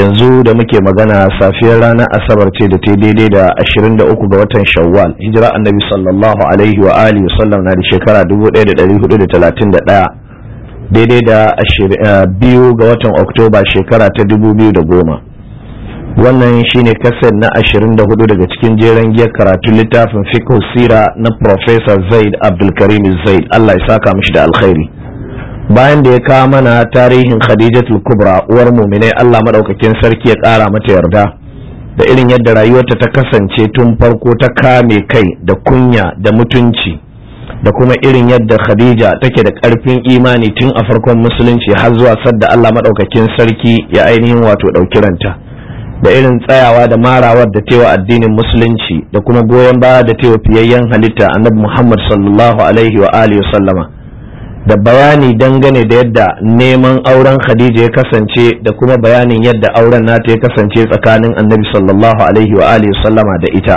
yanzu da muke magana safiyar ranar asabar ce da ta daidai da 23 ga watan shawwal hijira annabi sallallahu alaihi wa alihi wasallam na da shekara 1431 daidai da eh, biyu ga watan oktoba shekara ta 2010 wannan shine kasar na 24 daga cikin jeren giyar karatu littafin fiqh sira na Profesa zaid abdulkarim zaid allah ya saka mishi da alkhairi bayan da ya kawo mana tarihin khadijatul kubra uwar muminai allah maɗaukakin sarki ya kara mata yarda da irin yadda rayuwarta ta kasance tun farko ta kame kai da kunya da mutunci da kuma irin yadda khadija take da karfin imani tun a farkon musulunci har zuwa sadda allah Madaukakin sarki ya ainihin wato ɗauki ranta da irin tsayawa da marawar da tewa addinin musulunci da kuma goyon baya da tewa fiyayyen halitta annabi muhammad sallallahu alaihi wa alihi wa sallama da bayani dangane da yadda neman auren khadija ya kasance da kuma bayanin yadda auren nata ya kasance tsakanin annabi sallallahu alaihi wa alihi sallama da ita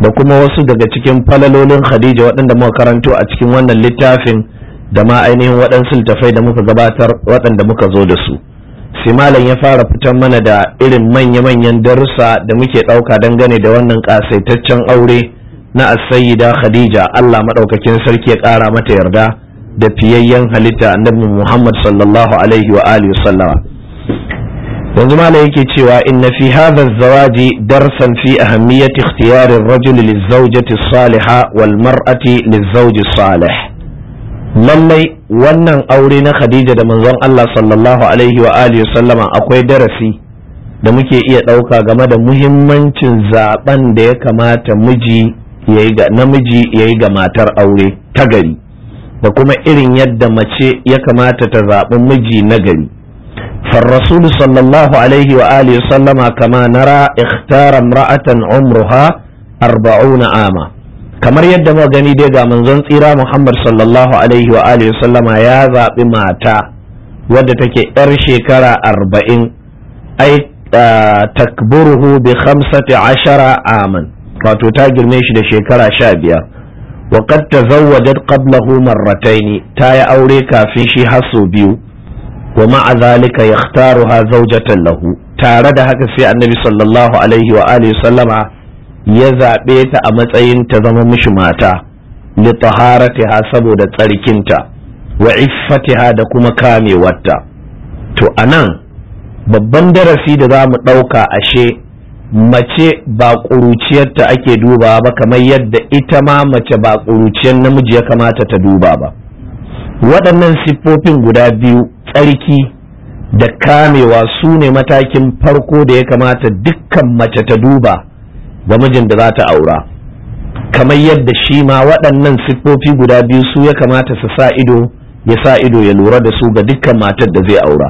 da kuma wasu daga cikin falalolin khadija waɗanda muka karanto a cikin wannan littafin da ma ainihin waɗansu littafai da muka gabatar waɗanda muka zo da su sai ya fara fitan mana da irin manya-manyan darussa da muke ɗauka dangane da wannan ƙasaitaccen aure na as khadija allah maɗaukakin sarki ya ƙara mata yarda da fiyayyen halitta annabi Muhammad sallallahu alaihi wa alihi sallama yanzu mala yake cewa inna fi hadha zawaji darsan fi ahammiyati ikhtiyari ar-rajul liz-zawjati as-saliha wal mar'ati liz salih lallai wannan aure na Khadija da manzon Allah sallallahu alaihi wa alihi sallama akwai darasi da muke iya ɗauka game da muhimmancin zaben da ya kamata miji yayi ga namiji yayi ga matar aure ta gari da kuma irin yadda mace ya kamata ta zaɓi miji na gari. صلى الله عليه وآله وسلم كما نرى اختار امرأة عمرها kamar yadda muka gani dai ga manzon tsira Muhammad sallallahu ya zaɓi mata wadda take yar shekara arba'in ai takburuhu bi khamsati ashara aman wato ta girme shi da shekara sha biyar wa qad ƙabla qablahu marratayn ta yi aure kafin shi har sau biyu wa ma'a zalika yakhtaruha zawjatan lahu tare da haka sai annabi sallallahu alaihi wa alihi sallama ya zabe ta a matsayin ta zama mishi mata li taharatiha saboda tsarkinta wa iffatiha da kuma kamewarta to anan babban darasi da zamu ɗauka ashe mace ba ƙuruciyarta ake duba ba kamar yadda ita ma mace ba ƙuruciyar namiji ya kamata ta duba ba waɗannan siffofin guda biyu tsarki da kamewa su ne matakin farko da ya kamata dukkan mace ta duba ga mijin da za ta aura kamar yadda shi ma waɗannan siffofi guda biyu su ya kamata su sa ido ya sa ido ya lura da su ga dukkan matar da zai aura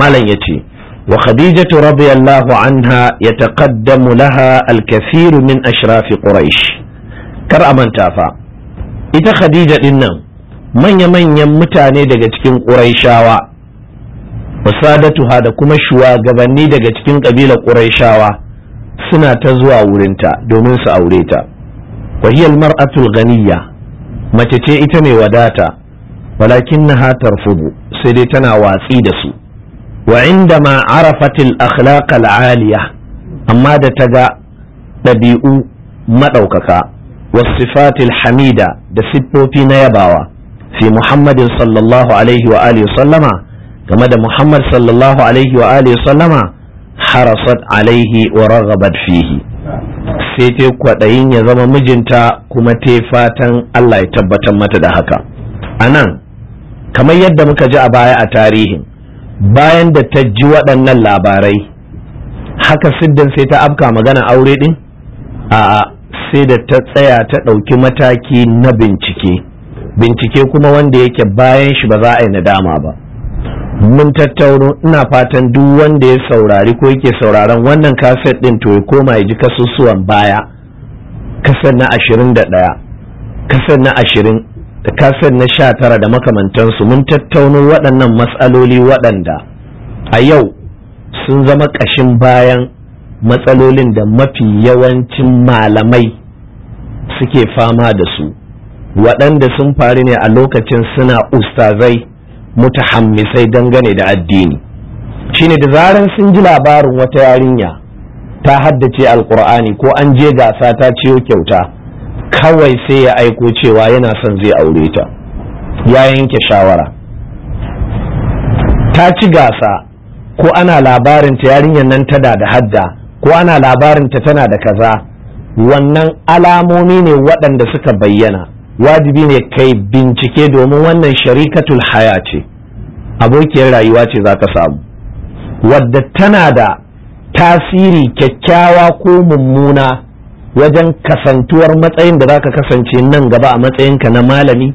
malam ya ce وخديجة رضي الله عنها يتقدم لها الكثير من أشراف قريش كرأمن تافا إذا خديجة إنه من يمن يمتاني دقتكين قريشاوة وسادتها دكما شوا قبني دقتكين قبيلة قريشاوة سنة تزوى ورنتا دومن سأوريتا وهي المرأة الغنية متتي إتمي وداتا ولكنها ترفض سيدتنا واسيدسو wa indama arafatil akhlaq al'aliya amma da ta ga ɗabi'u maɗaukaka wasifatil hamida da siffofi na yabawa fi muhammadin sallallahu alaihi wa alihi sallama game da muhammad sallallahu alaihi wa alihi sallama harasat alaihi wa raghabat fihi sai ta kwaɗayin ya zama mijinta kuma ta fatan Allah ya tabbatar mata da haka anan kamar yadda muka ji a baya a tarihin bayan da ta ji waɗannan labarai haka Siddin sai ta afka magana aure ɗin a sai da ta tsaya ta ɗauki mataki na bincike bincike kuma wanda yake bayan shi ba za a yi nadama ba mun tattauno ina fatan duk wanda ya saurari ko yake sauraron wannan kaset ɗin to ya koma ya ji kasusuwan baya kasar na ashirin da ɗaya kasar na ashirin da kaset na sha tara da makamantansu mun tattauna waɗannan matsaloli waɗanda a yau sun zama ƙashin bayan matsalolin da mafi yawancin malamai suke fama da su waɗanda sun faru ne a lokacin suna ustazai mutahammisai dangane da addini shine da zaran sun ji labarin wata yarinya ta haddace alkur'ani ko an je gasa ta ciyo kyauta kawai sai ya aiko cewa yana son zai aure ta ya yanke shawara ta ci gasa ko ana labarin ta yarinyar nan tada da hadda ko ana labarin ta tana da kaza wannan alamomi ne waɗanda suka bayyana wajibi ne kai bincike domin wannan sharikatul haya ce abokiyar rayuwa ce za ka samu wadda tana da tasiri kyakkyawa ko mummuna wajen kasantuwar matsayin da za ka kasance nan gaba a matsayinka na malami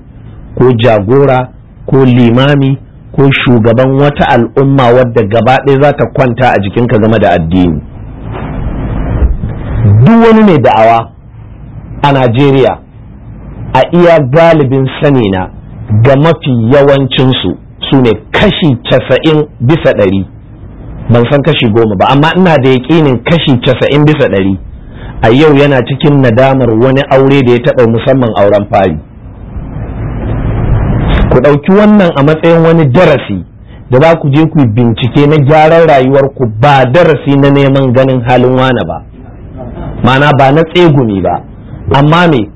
ko jagora ko limami ko shugaban wata al'umma wadda gaba ɗaya za ta kwanta a jikinka game da addini duk wani mai da'awa a najeriya a iya galibin sani na ga mafi yawancinsu su ne kashi casa'in bisa ɗari ban san kashi goma ba amma ina da yaƙinin kashi casa'in bisa ɗari a yau yana cikin nadamar wani aure da ya taɓa musamman auren fari ku ɗauki wannan a matsayin wani darasi da za ku je ku bincike na gyaran rayuwarku ba darasi na neman ganin halin wane ba mana ba na tsegumi ba amma me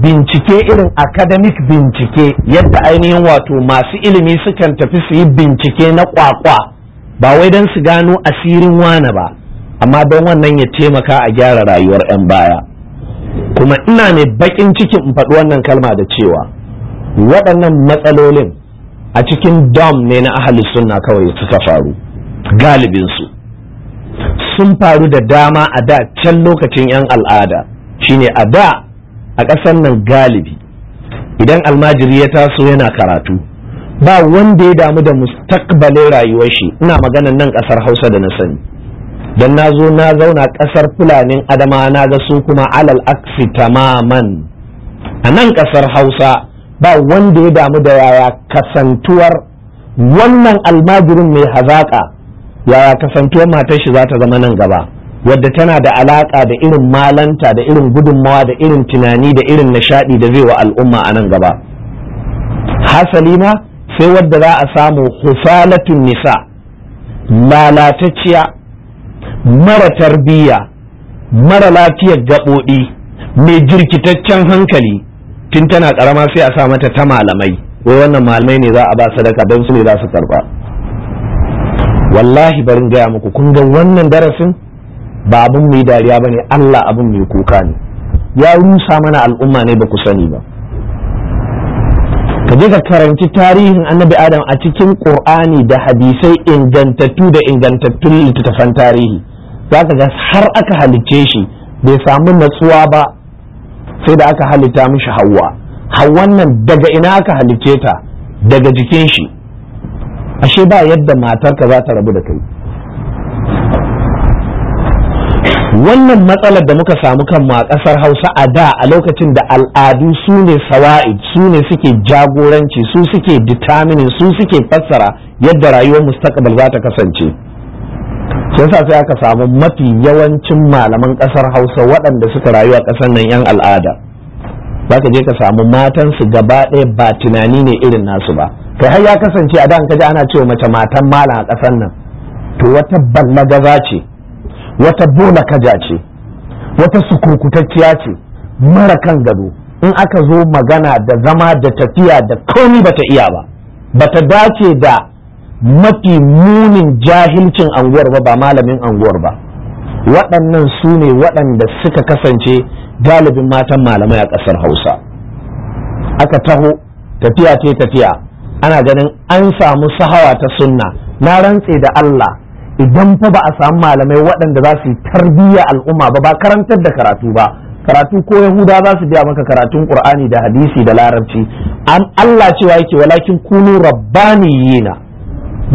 bincike irin academic bincike yadda ainihin wato masu ilimi sukan tafi su yi bincike na kwakwa ba wai don su gano asirin wane ba amma don wannan ya taimaka a gyara rayuwar 'yan baya kuma ina mai baƙin cikin in faɗi wannan kalma da cewa waɗannan matsalolin a cikin dam ne na ahali sunna kawai suka faru galibinsu sun faru da dama a da can lokacin 'yan al'ada shine a da a ƙasar nan galibi idan almajiri ya taso yana karatu ba wanda ya damu da mustakbalin rayuwar shi ina maganan nan ƙasar hausa da na sani don na zo na zauna ƙasar fulanin adama na ga su kuma alal aksi tamaman a nan ƙasar hausa ba wanda ya damu da yaya kasantuwar wannan almajirin mai hazaƙa yaya kasantuwar matar shi za ta zama nan gaba wadda tana da alaƙa da irin malanta da irin gudunmawa da irin tunani da irin nishaɗi da zai wa al'umma a nan gaba hasali ma sai wadda za a samu husalatun nisa lalatacciya mara tarbiyya mara lafiyar gaɓoɗi mai jirkitaccen hankali tun tana ƙarama sai a sa mata ta malamai wai wannan malamai ne za a ba sadaka don su ne za su karɓa wallahi barin gaya muku kun ga wannan darasin ba abin mai dariya ba ne allah abin mai kuka ne ya rusa mana al'umma ne ba ku sani ba ka je ka karanci tarihin annabi adam a cikin ƙur'ani da hadisai ingantattu da ingantattun littattafan tarihi za ka ga har aka halicce shi bai samu natsuwa ba sai da aka halitta mishi hawa hawan nan daga ina aka halicce ta daga jikin shi ashe ba yadda matarka za ta rabu da kai wannan matsalar da muka samu kan a ƙasar hausa a da a lokacin da al'adu su ne sawa'id su ne suke jagoranci su suke determining su suke fassara yadda rayuwar mustaqbal za ta kasance sai sa sai aka samu mafi yawancin malaman kasar hausa waɗanda suka rayu a ƙasar nan 'yan al'ada Ba ka je ka samu matansu gaba ɗaya ba tunani ne irin nasu ba kai har ya kasance a da an kaji ana cewa mace matan malam a ƙasar nan to wata ballagaza ce wata bola kaja ce wata sukurkutacciya ce mara kan gado in aka zo magana da zama da tafiya da komi bata iya ba bata dace da mafi munin jahilcin anguwar ba ba malamin anguwar ba waɗannan su ne waɗanda suka kasance galibin matan malamai a ƙasar hausa aka taho tafiya ce tafiya ana ganin an samu sahawa ta sunna na rantse da allah idan fa ba a samu malamai waɗanda za su yi tarbiyya al'umma ba ba karantar da karatu ba karatu ko yahuda za su biya maka karatun qur'ani da hadisi da larabci an allah cewa yake walakin kunu rabbaniyina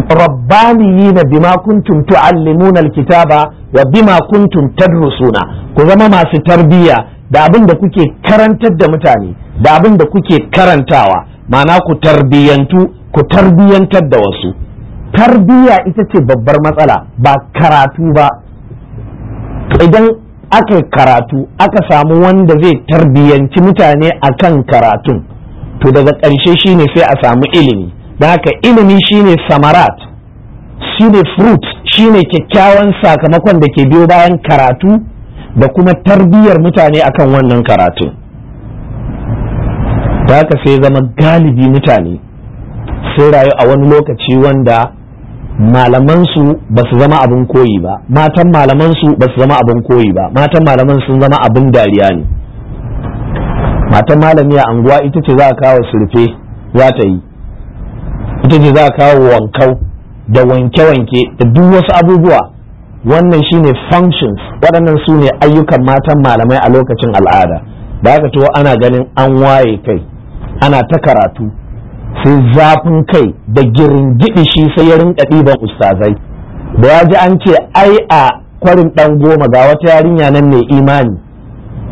na bima kuntum tuallimuna alkitaba wa bima kuntum tadrusuna ku zama masu tarbiyya da abin da kuke karantar da mutane da abin da kuke karantawa mana ku tarbiyyantu ku tarbiyyantar da wasu tarbiyya ita ce babbar matsala ba karatu ba idan aka karatu aka samu wanda zai tarbiyyanci mutane akan karatun to daga ƙarshe shine sai a samu ilimi da haka ilimi shine samarat shine fruit shine kyakkyawan sakamakon da ke biyo bayan karatu da kuma tarbiyyar mutane akan wannan karatu da haka sai zama galibi mutane sai rayu a wani lokaci wanda malamansu ba su zama abin koyi ba matan malamansu ba su zama abin koyi ba matan malaman sun zama abin dariya ne matan malami a anguwa ita ce za a kawo surfe za ta yi ita za a kawo wankau da wanke-wanke da duk wasu abubuwa wannan shine functions waɗannan su ne ayyukan matan malamai a lokacin al'ada da aka to ana ganin an waye kai ana ta karatu sai zafin kai da giringidi shi sai ya rinka ɗiban ustazai da ya ji an ce ai a kwarin ɗan goma ga wata yarinya nan ne imani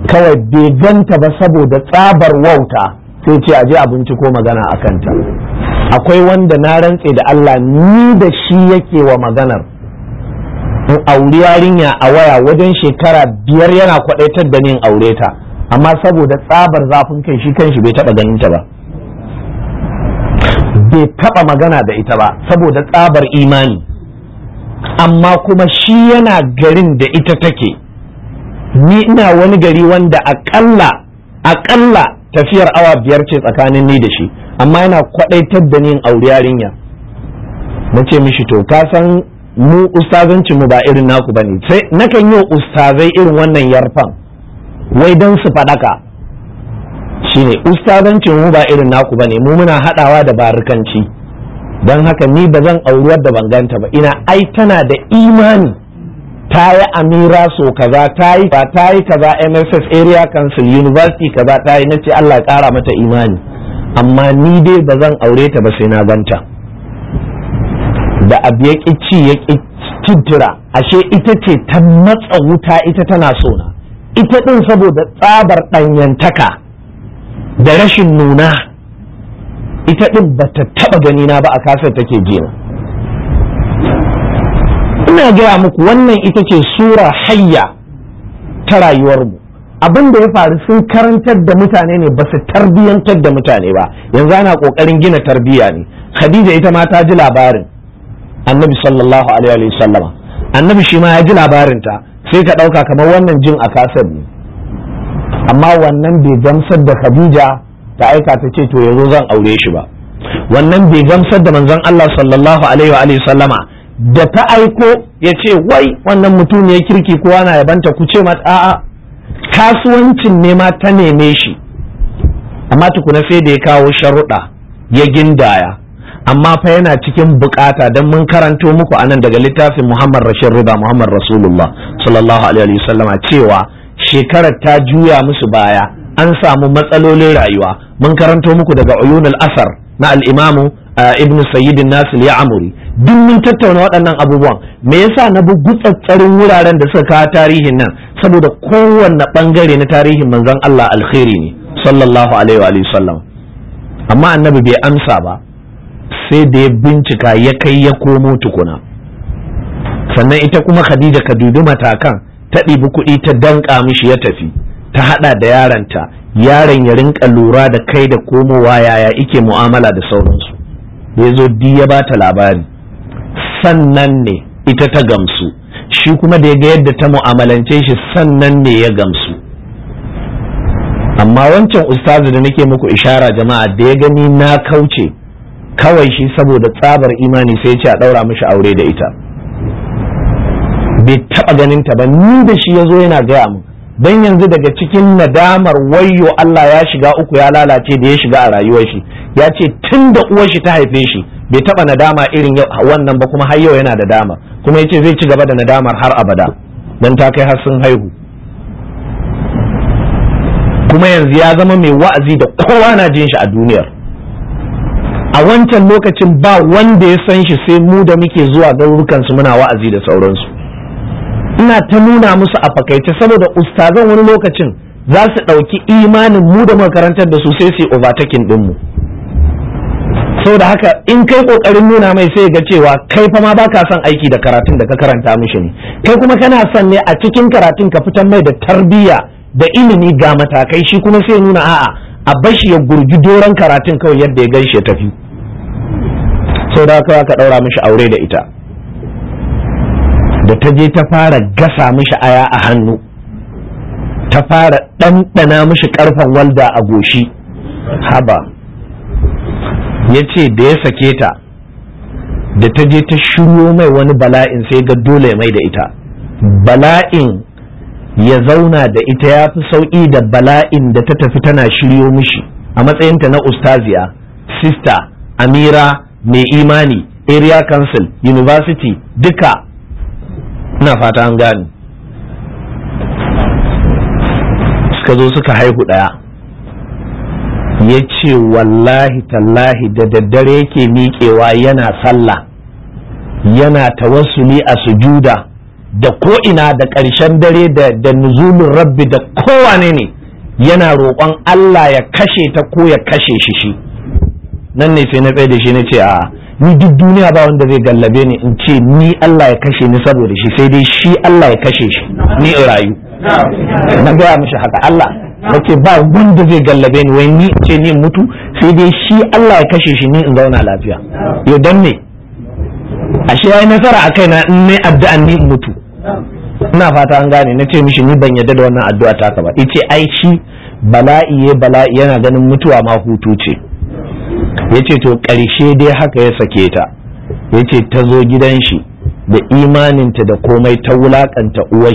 kawai bai ganta ba saboda tsabar wauta sai ce a je a binciko magana a kanta akwai wanda na rantse da Allah ni da shi yake wa maganar in auri yarinya a waya wajen shekara biyar yana kwadaitar da ni in aure ta amma saboda tsabar zafin kai shi kanshi bai taba ganin ta ba bai taba magana da ita ba saboda tsabar imani amma kuma shi yana garin da ita take ni ina wani gari wanda akalla akalla tafiyar awa biyar ce tsakanin ni da shi amma yana kwadaitar da ni aure yarinya na ce mishi to ka san mu ustazanci mu ba irin naku bane sai nakan yi ustazai irin wannan yarfan wai dan su fadaka shine ustazancin mu ba irin naku bane mu muna hadawa da barikanci don haka ni ba zan auri da ban ba ina ai tana da imani ta yi amira so kaza ta yi ba ta yi kaza mss area council university kaza ta yi Na ce Allah ya kara mata imani amma ni dai ba zan aure ta ba sai na ganta da abu ya ci ya tuddura ashe ita ce ta matsa wuta ita tana sona ita ɗin saboda tsabar ɗanyantaka da rashin nuna ita ɗin ba ta taɓa ganina ba a kasar take jina ina gaya muku wannan ita ce sura hayya ta rayuwarmu abin da ya faru sun karantar da mutane ne ba su tarbiyantar da mutane ba yanzu ana kokarin gina tarbiyya ne khadija ita ma ta ji labarin annabi sallallahu alaihi wa sallama annabi shi ma ya ji labarin ta sai ka dauka kamar wannan jin a kasar ne amma wannan bai gamsar da khadija ta aika ta ce to yanzu zan aure shi ba wannan bai gamsar da manzon Allah sallallahu alaihi wa sallama da ta aiko ya ce wai wannan mutum ya kirki kowa na yabanta ku ce mata a'a kasuwancin ne ma ta neme shi amma tukuna sai da ya kawo sharuɗa ya gindaya amma fa yana cikin bukata don mun karanto muku anan daga littafin Muhammad Rashid Riba Muhammad Rasulullah sallallahu alaihi wasallama cewa shekarar ta juya musu baya an samu matsalolin rayuwa mun karanto muku daga uyunul asar na al'imamu eh, ibn sayyidin nasir ya amuri duk mun tattauna waɗannan abubuwan me yasa na bi gutsattsarin wuraren da suka kawo tarihin nan saboda kowanne ɓangare na tarihin manzon Allah alkhairi ne sallallahu alaihi wa sallam amma annabi bai amsa ba sai da ya bincika ya kai ya komo tukuna sannan ita kuma khadija ka dubi matakan ta ɗibi kuɗi ta danƙa mishi ya tafi ta hada da yaranta yaron ya rinka lura da kai da komowa yaya ike mu'amala da sauransu ya zo di ya ta labari sannan ne ita ta gamsu shi kuma da ya ga yadda ta mu'amalance shi sannan ne ya gamsu amma wancan ustazu da nake muku ishara jama'a da ya gani na kauce kawai shi saboda tsabar imani sai ce a ɗaura mishi aure da ita bai taɓa ganin ta ba ni da shi ya zo yana gaya mu don yanzu daga cikin nadamar wayo Allah ya shiga uku ya lalace da ya shiga a rayuwar shi ya ce tun da uwar shi ta haife shi bai taba nadama irin wannan ba kuma har yau yana da dama, kuma yace zai ci gaba da nadamar har abada dan ta kai har sun haihu kuma yanzu ya zama mai wa'azi da kowa na jin shi a duniyar a wancan lokacin ba wanda ya san shi sai mu da muke zuwa garurukansu muna wa'azi da sauransu ina ta nuna musu a fakaice saboda ustazan wani lokacin za su ɗauki imanin mu da makarantar da su sai su yi overtaking ɗinmu saboda haka in kai kokarin nuna mai sai ga cewa kai fa ma baka son aiki da karatun da ka karanta mishi ne kai kuma kana son ne a cikin karatun ka fitar mai da tarbiyya da ilimi ga matakai shi kuma sai nuna a'a a bashi ya gurgi doron karatun kawai yadda ya gaishe tafi saboda haka ka ɗaura mishi aure da ita da ta je ta fara gasa mishi aya a hannu ta fara ɗanɗana mishi ƙarfen walda a goshi haba ya ce da ya sake ta da ta je ta shiryo mai wani bala'in sai ga dole mai da ita bala'in ya zauna da ita ya fi sauƙi da bala'in da ta tafi tana shiryo mishi a matsayinta na ustaziya sista amira mai imani area council university duka ina fata an gane suka zo suka haihu ɗaya ya ce wallahi tallahi da daddare yake miƙewa yana sallah yana ta tawassuli a sujuda da ko'ina da ƙarshen dare da nuzulun rabbi da kowane ne yana roƙon Allah ya kashe ta ko ya kashe shi shi nan ne sai na tsaye da shi na ce a ni duk duniya ba wanda zai gallabe ni in ce ni Allah ya kashe ni saboda shi sai dai shi Allah ya kashe shi ni in rayu na gaya mishi haka Allah nake ba wanda zai gallabe ni wai ni ce ni mutu sai dai shi Allah ya kashe shi ni in zauna lafiya yo dan a ashe yayi nasara a kaina in mai addu'a ni in mutu ina fata an gane na ce mishi ni ban yadda da wannan addu'a ka ba yace ai shi bala'i bala'i yana ganin mutuwa ma hutu ce ya ce to ƙarshe dai haka ya sake ta ya ce ta zo gidan shi da imaninta da komai ta wulaƙanta uwar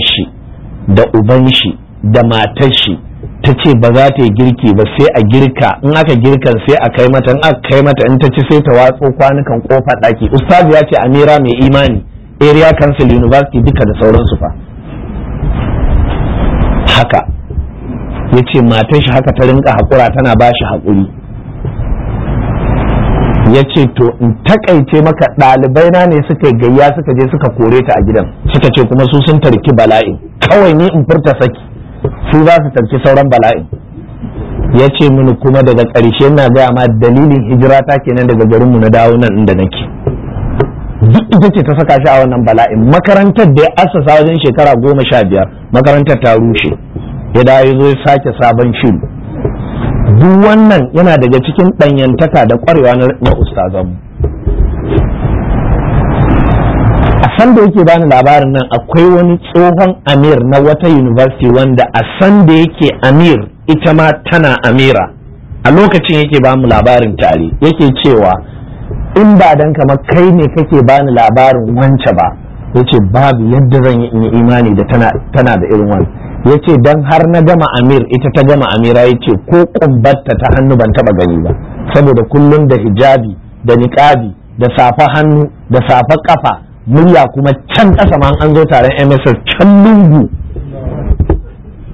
da uban shi da matar shi ta ce ba za ta yi girki ba sai a girka in aka girka sai a kai mata in aka kai mata in ta ci sai ta watso kwanukan kofar ɗaki ustaz ya ce amira mai imani area council university duka da sauransu fa haka ya ce matar haka ta rinka haƙura tana ba shi haƙuri ya ce to in takaice maka ɗalibai na ne suka yi gayya suka je suka kore ta a gidan suka ce kuma su sun tarki bala'i. kawai ni in furta saki su za su tarki sauran bala'in ya ce mini kuma daga karshe na gaya ma dalilin hijira ta kenan daga garinmu na dawo nan inda nake duk ita ce ta saka shi a wannan bala'in makarantar da ya assasa wajen shekara goma sha biyar makarantar ta rushe ya dawo ya zo ya sake sabon shiru duk wannan yana daga cikin ɗanyantaka da ƙwarewa na ustazanmu a san da yake bani labarin nan akwai wani tsohon amir na wata university wanda a san da yake amir ita ma tana amira a lokacin yake bamu labarin tare yake cewa in ba dan kamar kai ne kake bani labarin wance ba yace babu yadda zan yi imani da tana da irin wani ya ce don har na gama amir ita ta gama amira ya ce ko kumbatta ta hannu ban taba gani ba saboda kullum da hijabi da niƙabi da safa hannu da safa ƙafa. murya kuma can ƙasa ma an zo taron mss can lungu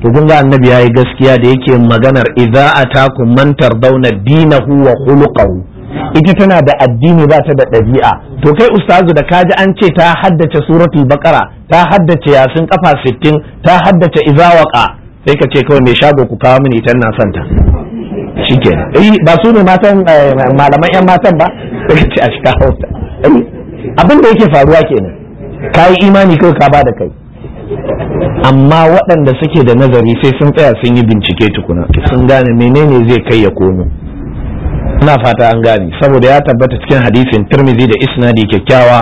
to kun ga annabi yayi gaskiya da yake maganar idza atakum man tardawna dinahu huwa khuluquhu ita tana da addini ba ta da ɗabi'a to kai ustazu da kaji an ce ta haddace suratul bakara ta haddace yasin kafa sittin ta haddace izawaka sai ka ce kawai mai shago ku kawo mini ita na son ta shikenan eh ba su ne matan eh, malaman yan matan ba sai ka ce a shi kawo ta abin da yake faruwa kenan kai imani kawai ka ba da kai amma waɗanda suke da nazari sai sun tsaya sun yi bincike tukuna sun gane menene zai kai ya komo ina fata an gani saboda ya tabbata cikin hadisin tirmidhi da isnadi kyakkyawa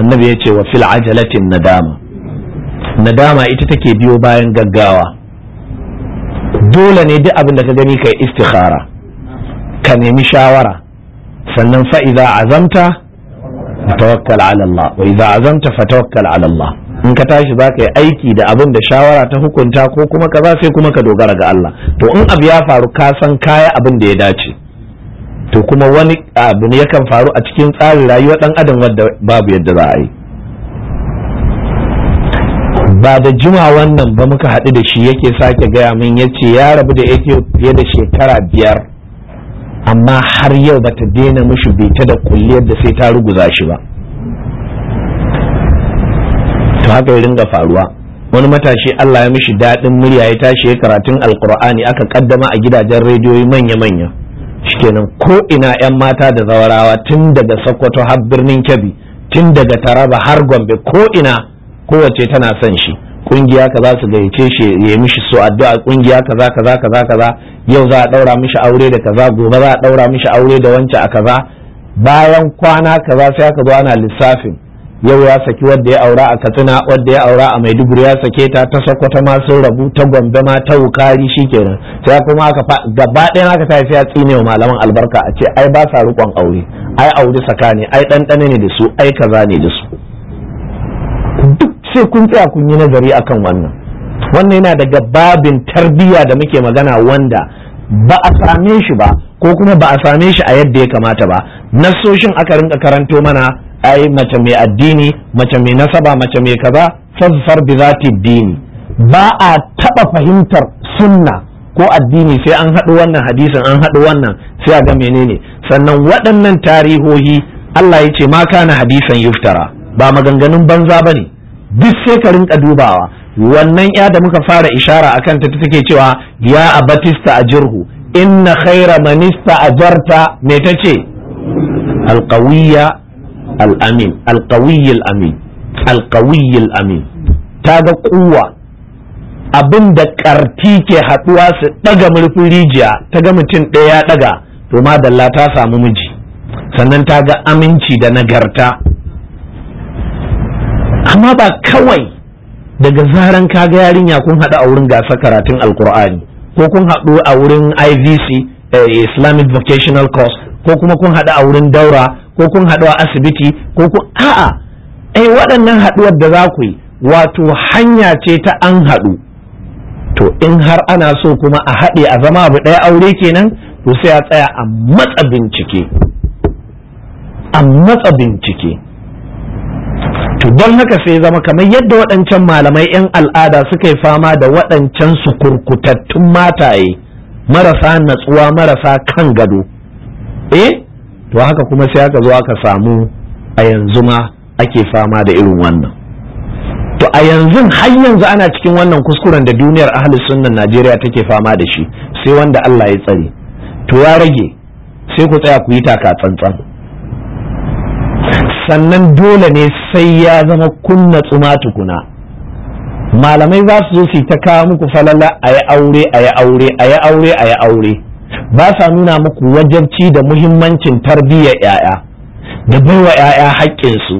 annabi ya ce wa fil ajalatin nadama nadama ita take biyo bayan gaggawa dole ne duk abin da ka gani kai istikhara ka nemi shawara sannan fa idza azamta tawakkal ala Allah wa idza azamta fatawakkal ala Allah in ka tashi za ka yi aiki da abin da shawara ta hukunta ko kuma kaza sai kuma ka dogara ga Allah to in abu ya faru ka san kaya abin da ya dace to kuma wani abu ne yakan faru a cikin tsarin rayuwa dan adam wadda babu yadda za a yi ba da juma wannan ba muka haɗu da shi yake sake gaya min ya ce ya rabu da yake fiye da shekara biyar amma har yau bata daina mishi bita da kulliyar da sai ta ruguza shi ba to haka ya ringa faruwa wani matashi Allah ya mishi daɗin murya ya tashi ya karatun alkur'ani aka kaddama a gidajen rediyoyi manya-manya shikenan ko ina yan mata da zawarawa tun daga sokoto har birnin kebbi tun daga taraba har gombe ko ina kowace tana son shi kungiya ka za su gayyace shi ya mishi su addu'a kungiya kaza kaza kaza kaza yau za a daura mishi aure da kaza gobe za a daura mishi aure da wancan a kaza bayan kwana kaza sai aka zo ana lissafin yau ya saki wadda ya aura a katsina wadda ya aura a maiduguri ya sake ta ta sokoto ma rabu ta gombe ma ta wukari shikenan sai kuma aka gaba ɗaya aka tafi ya tsine wa malaman albarka a ce ai ba sa rikon aure ai aure saka ne ai ɗanɗana ne da su ai kaza ne da su duk sai kun tsaya kun yi nazari akan wannan wannan yana daga babin tarbiyya da muke magana wanda ba a same shi ba ko kuma ba a same shi a yadda ya kamata ba Nasoshin aka rinka karanto mana ai mace mai addini mace mai nasaba mace mai kaza fazfar bi zati dini ba a taba fahimtar sunna ko addini sai an haɗu wannan hadisin an haɗu wannan sai a ga menene sannan waɗannan tarihohi Allah ya ce ma kana hadisan yuftara ba maganganun banza ba ne duk sai ka rinka dubawa wannan ya da muka fara ishara akan ta take cewa ya abatista ajirhu inna khaira manista ajarta me tace alqawiyya al-amin al-qawiyyul amin amin al amin ta ga kuwa abin da ƙarti ke haɗuwa su ɗaga murfin rijiya ta ga mutum ɗaya ya daga to madalla ta samu miji sannan ta ga aminci da nagarta amma ba kawai daga zaran ka ga yarinya kun haɗu a wurin gasa karatun alkur'ani ko kun haɗu a wurin ivc eh, islamic vocational course ko kuma kun haɗu a wurin daura ko kun haɗu a asibiti ko kun a'a ai waɗannan haɗuwar da za ku yi wato hanya ce ta an haɗu to in har ana so kuma a haɗe a zama abu ɗaya aure kenan to sai a tsaya a matsa bincike a matsa bincike to don haka sai zama kamar yadda waɗancan malamai 'yan al'ada suka yi fama da waɗancan su kurkutattun mataye marasa natsuwa marasa kan gado eh to haka kuma sai aka zo aka samu a yanzu ma ake fama da irin wannan to a yanzu har yanzu ana cikin wannan kuskuren da duniyar ahli sunnan najeriya take fama da shi sai wanda allah ya tsare to ya rage sai ku tsaya ku yi taka tsantsan sannan dole ne sai ya zama kunna tsuma tukuna malamai za su zo su ta kawo muku falala a yi aure a yi aure a yi aure a yi aure ba sa nuna muku wajabci da muhimmancin tarbiyyar 'ya'ya da baiwa 'ya'ya haƙƙinsu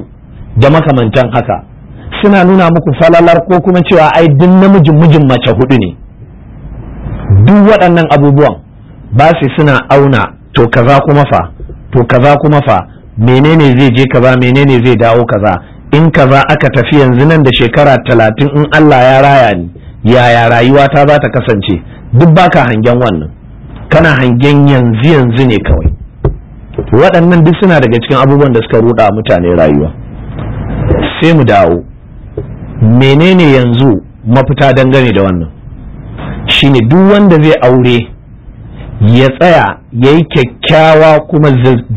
da makamantan haka suna nuna muku falalar ko kuma cewa ai duk namijin mijin mace hudu ne duk waɗannan abubuwan ba su suna auna to kaza kuma fa to kaza kuma fa menene zai je kaza menene zai dawo kaza in kaza aka tafi yanzu nan da shekara talatin in Allah ya raya ni yaya rayuwa ta za ta kasance duk baka hangen wannan kana hangen yanzu yanzu ne kawai waɗannan duk suna daga cikin abubuwan da suka ruɗa mutane rayuwa sai mu dawo menene yanzu mafita dangane da wannan shine duk wanda zai aure ya tsaya ya yi kyakkyawa kuma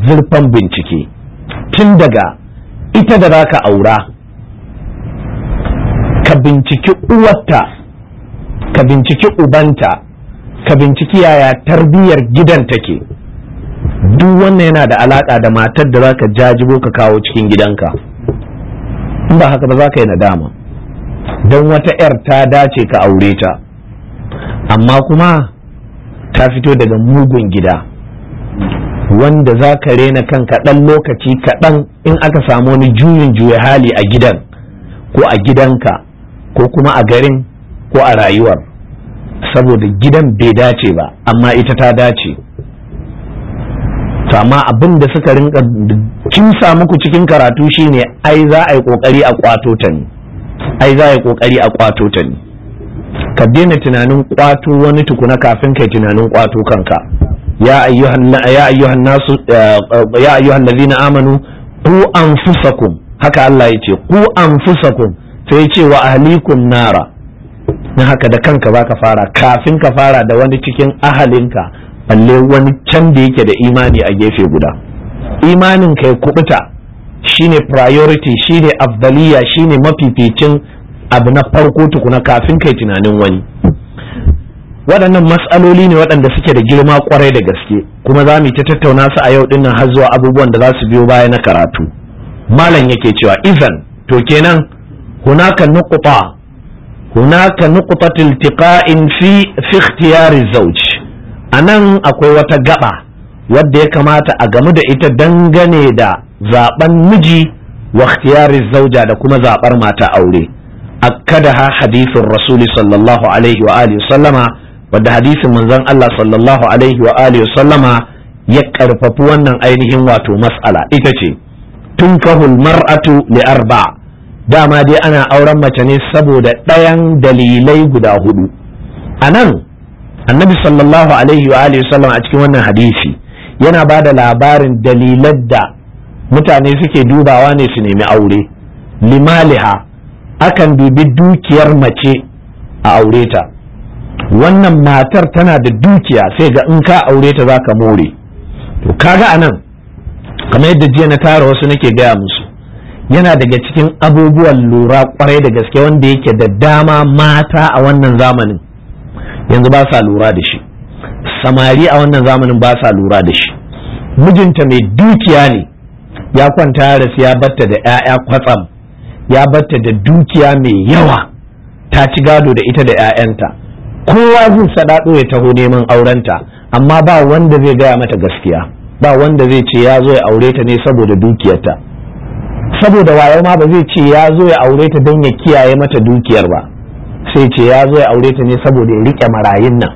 zurfan bincike tun daga ita da za ka aura ka binciki uwarta ka binciki ubanta ka binciki yaya tarbiyyar gidan take duk wannan yana da alaka da matar da za ka jajibo ka kawo cikin gidanka in ba haka ba za ka yi nadama don wata 'yar ta dace ka aure ta amma kuma ta fito daga mugun gida wanda za ka rena kanka ɗan lokaci kaɗan in aka samu wani juyin juya hali a gidan ko a gidanka ko kuma a garin ko a rayuwar saboda gidan bai dace ba amma ita ta dace to amma abin da suka rinka kimsa muku cikin karatu shine ai za a yi kokari a kwato ta ni. ai za a yi kokari a kwato ta ni. ka daina tunanin kwato wani tukuna kafin kai tunanin kwato kanka ya ayyuhan ya ayyuhan nasu eh, eh, ya ayyuhan ladina amanu ku anfusakum haka Allah ya ce ku anfusakum sai ya ce wa ahlikum nara na haka da kanka ba ka fara kafin ka fara da wani cikin ahalinka balle wani can da yake da imani a gefe guda imanin ka ya kubuta shine priority shine afdaliya shine mafificin abu na farko tukuna kafin kai tunanin wani waɗannan matsaloli ne waɗanda suke da girma kwarai da gaske kuma za mu ta tattauna su a yau dinnan har zuwa abubuwan da za su biyo baya na karatu malam yake cewa izan to kenan hunaka nuqta hunaka nuqtatul tiqa'in fi fi ikhtiyari zawj anan akwai wata gaba wadda ya kamata a gamu da ita dangane da zaben miji wa ikhtiyari zauja da kuma zabar mata aure akkadaha hadithun rasuli sallallahu alaihi wa alihi sallama wadda hadisin manzon Allah sallallahu alaihi wa alihi sallama ya karfafi wannan ainihin wato mas'ala ita ce tunkahul mar'atu li arba dama dai ana auren mace ne saboda ɗayan dalilai guda hudu a nan annabi sallallahu alaihi wa alihi sallam a cikin wannan hadisi yana ba da labarin dalilan da mutane suke dubawa ne su nemi aure limaliha akan dubi dukiyar mace a aure ta wannan matar tana da dukiya sai ga in ka aure ta za ka more to kaga anan kamar yadda jiya na tara wasu nake gaya musu yana daga cikin abubuwan lura kwarai da gaske wanda yake da dama mata a wannan zamanin yanzu ba sa lura da shi samari a wannan zamanin ba sa lura da shi mijinta mai dukiya ne ya kwanta ya ya batta da 'ya'ya kwatsam ya batta da dukiya mai yawa ta ci gado da ita da 'ya'yanta kowa zai sadaɗo ya taho neman aurenta amma ba wanda zai gaya mata gaskiya ba wanda zai ce ya zo ya aure ta ne saboda dukiyarta saboda wayo ma ba zai ce ya zo ya aure ta don ya kiyaye mata dukiyar ba sai ce ya zo ya aure ta ne saboda ya rike marayun nan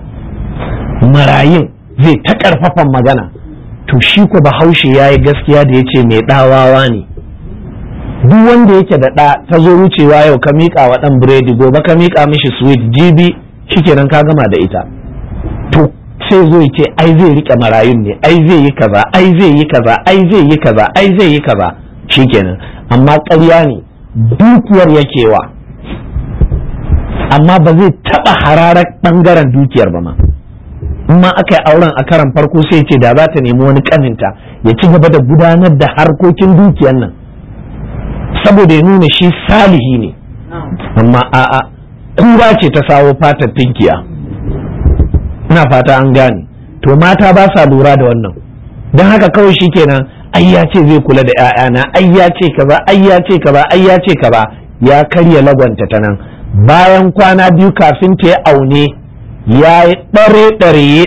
marayun zai ta karfafan magana to shi ko bahaushe ya yi gaskiya da ya ce mai ɗawawa ne duk wanda yake da ɗa ta zo wucewa yau ka miƙa wa ɗan biredi gobe ka miƙa mishi sweet jibi nan ka gama da ita to sai zo ya ce ai zai rike marayun ne ai zai yi kaza ai zai yi kaza ai zai yi kaza ai zai yi kaza shikenan amma ƙarya ne dukiyar yake wa amma ba zai taɓa hararar ɓangaren dukiyar ba ma in ma aka yi auren a karan farko sai ce da za ta nemi wani ƙaninta ya ci gaba da gudanar da harkokin dukiyar nan saboda ya nuna shi salihi ne amma a'a ƙura ce ta sawo fatar tinkiya ina fata an gane to mata ba sa lura da wannan don haka kawai shi kenan ai ya ce zai kula da 'ya'yana, ai ya ce kaza ai ya ce kaza ai ya ce kaza ya karya lagwanta ta nan bayan kwana biyu kafin ta ya aune ya yi ɗare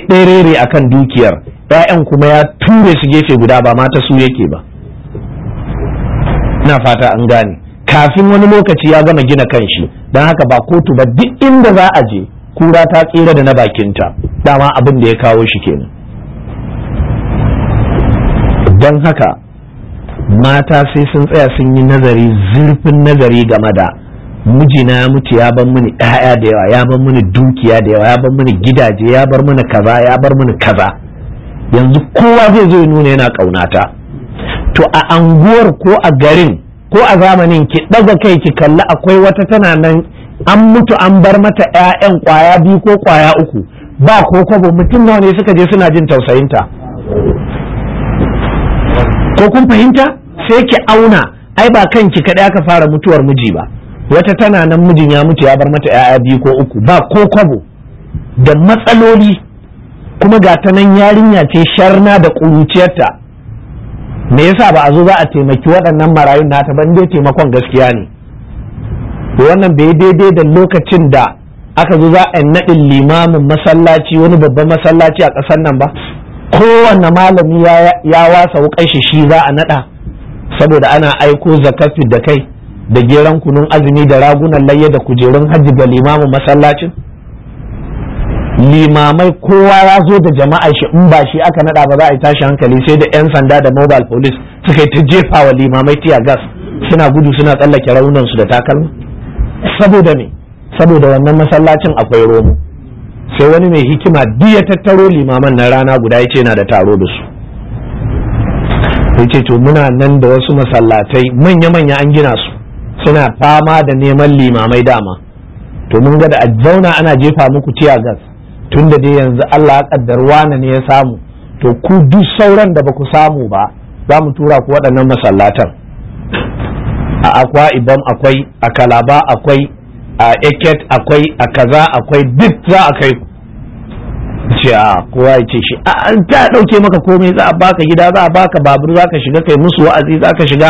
ɗare ya a kan dukiyar ‘ya'yan kuma ya ture su gefe guda ba mata su yake ba na fata an gane kafin wani lokaci ya gama gina kan shi, don haka ba kotu ba duk inda za a je kura ta tsira da na bakinta dama abin da ya kawo shi kenan don haka mata sai sun tsaya sun yi nazari zurfin nazari game da mijina ya mutu ya bar mini ɗaya da yawa ya bar mini dukiya da yawa ya bar mini gidaje ya bar mini kaza ya bar mini kaza yanzu kowa zai zo ya nuna yana ƙaunata to a anguwar ko a garin ko a zamanin ki ɗaga kai ki kalli akwai wata tana nan an mutu an bar mata 'ya'yan kwaya biyu ko kwaya uku ba ko kwabo mutum nawa ne suka je suna jin tausayinta ko kun fahimta sai ki auna ai ba kanki kaɗai aka fara mutuwar miji ba wata tana nan mijin ya mutu ya bar mata 'ya'ya biyu ko uku ba ko kwabo da matsaloli kuma ga ta nan yarinya ce sharna da ƙuruciyarta me yasa ba a zo za a taimaki waɗannan marayun nata ban dai taimakon gaskiya ne wannan bai daidai da lokacin da aka zo za a naɗin limamin masallaci wani babban masallaci a ƙasar nan ba kowanne malami ya wasa wukan shi shi za a nada saboda ana aiko zakafi da kai da geran kunun azumi da ragunan layya da kujerun hajji ga limamin masallacin limamai kowa ya zo da jama'a shi in ba shi aka nada ba za a yi tashi hankali sai da yan sanda da mobile police suka yi ta jefa wa limamai tiya gas suna gudu suna tsallake raunansu da takalma saboda ne saboda wannan masallacin akwai romo sai wani mai hikima duk ya tattaro limaman na rana guda ya ce na da taro da su ya ce to muna nan da wasu masallatai manya-manya an gina su suna fama da neman limamai dama to mun ga da zauna ana jefa muku tiya gas tun da dai yanzu Allah ya kaddar wani ne ya samu to ku duk sauran da ba ku samu ba za mu tura ku waɗannan masallatan a akwa ibam akwai a kalaba akwai a eket akwai a kaza akwai duk za a kai ce a kowa ya ce shi an ta ɗauke maka komai za a baka gida za a baka babur za ka shiga kai musu wa'azi za ka shiga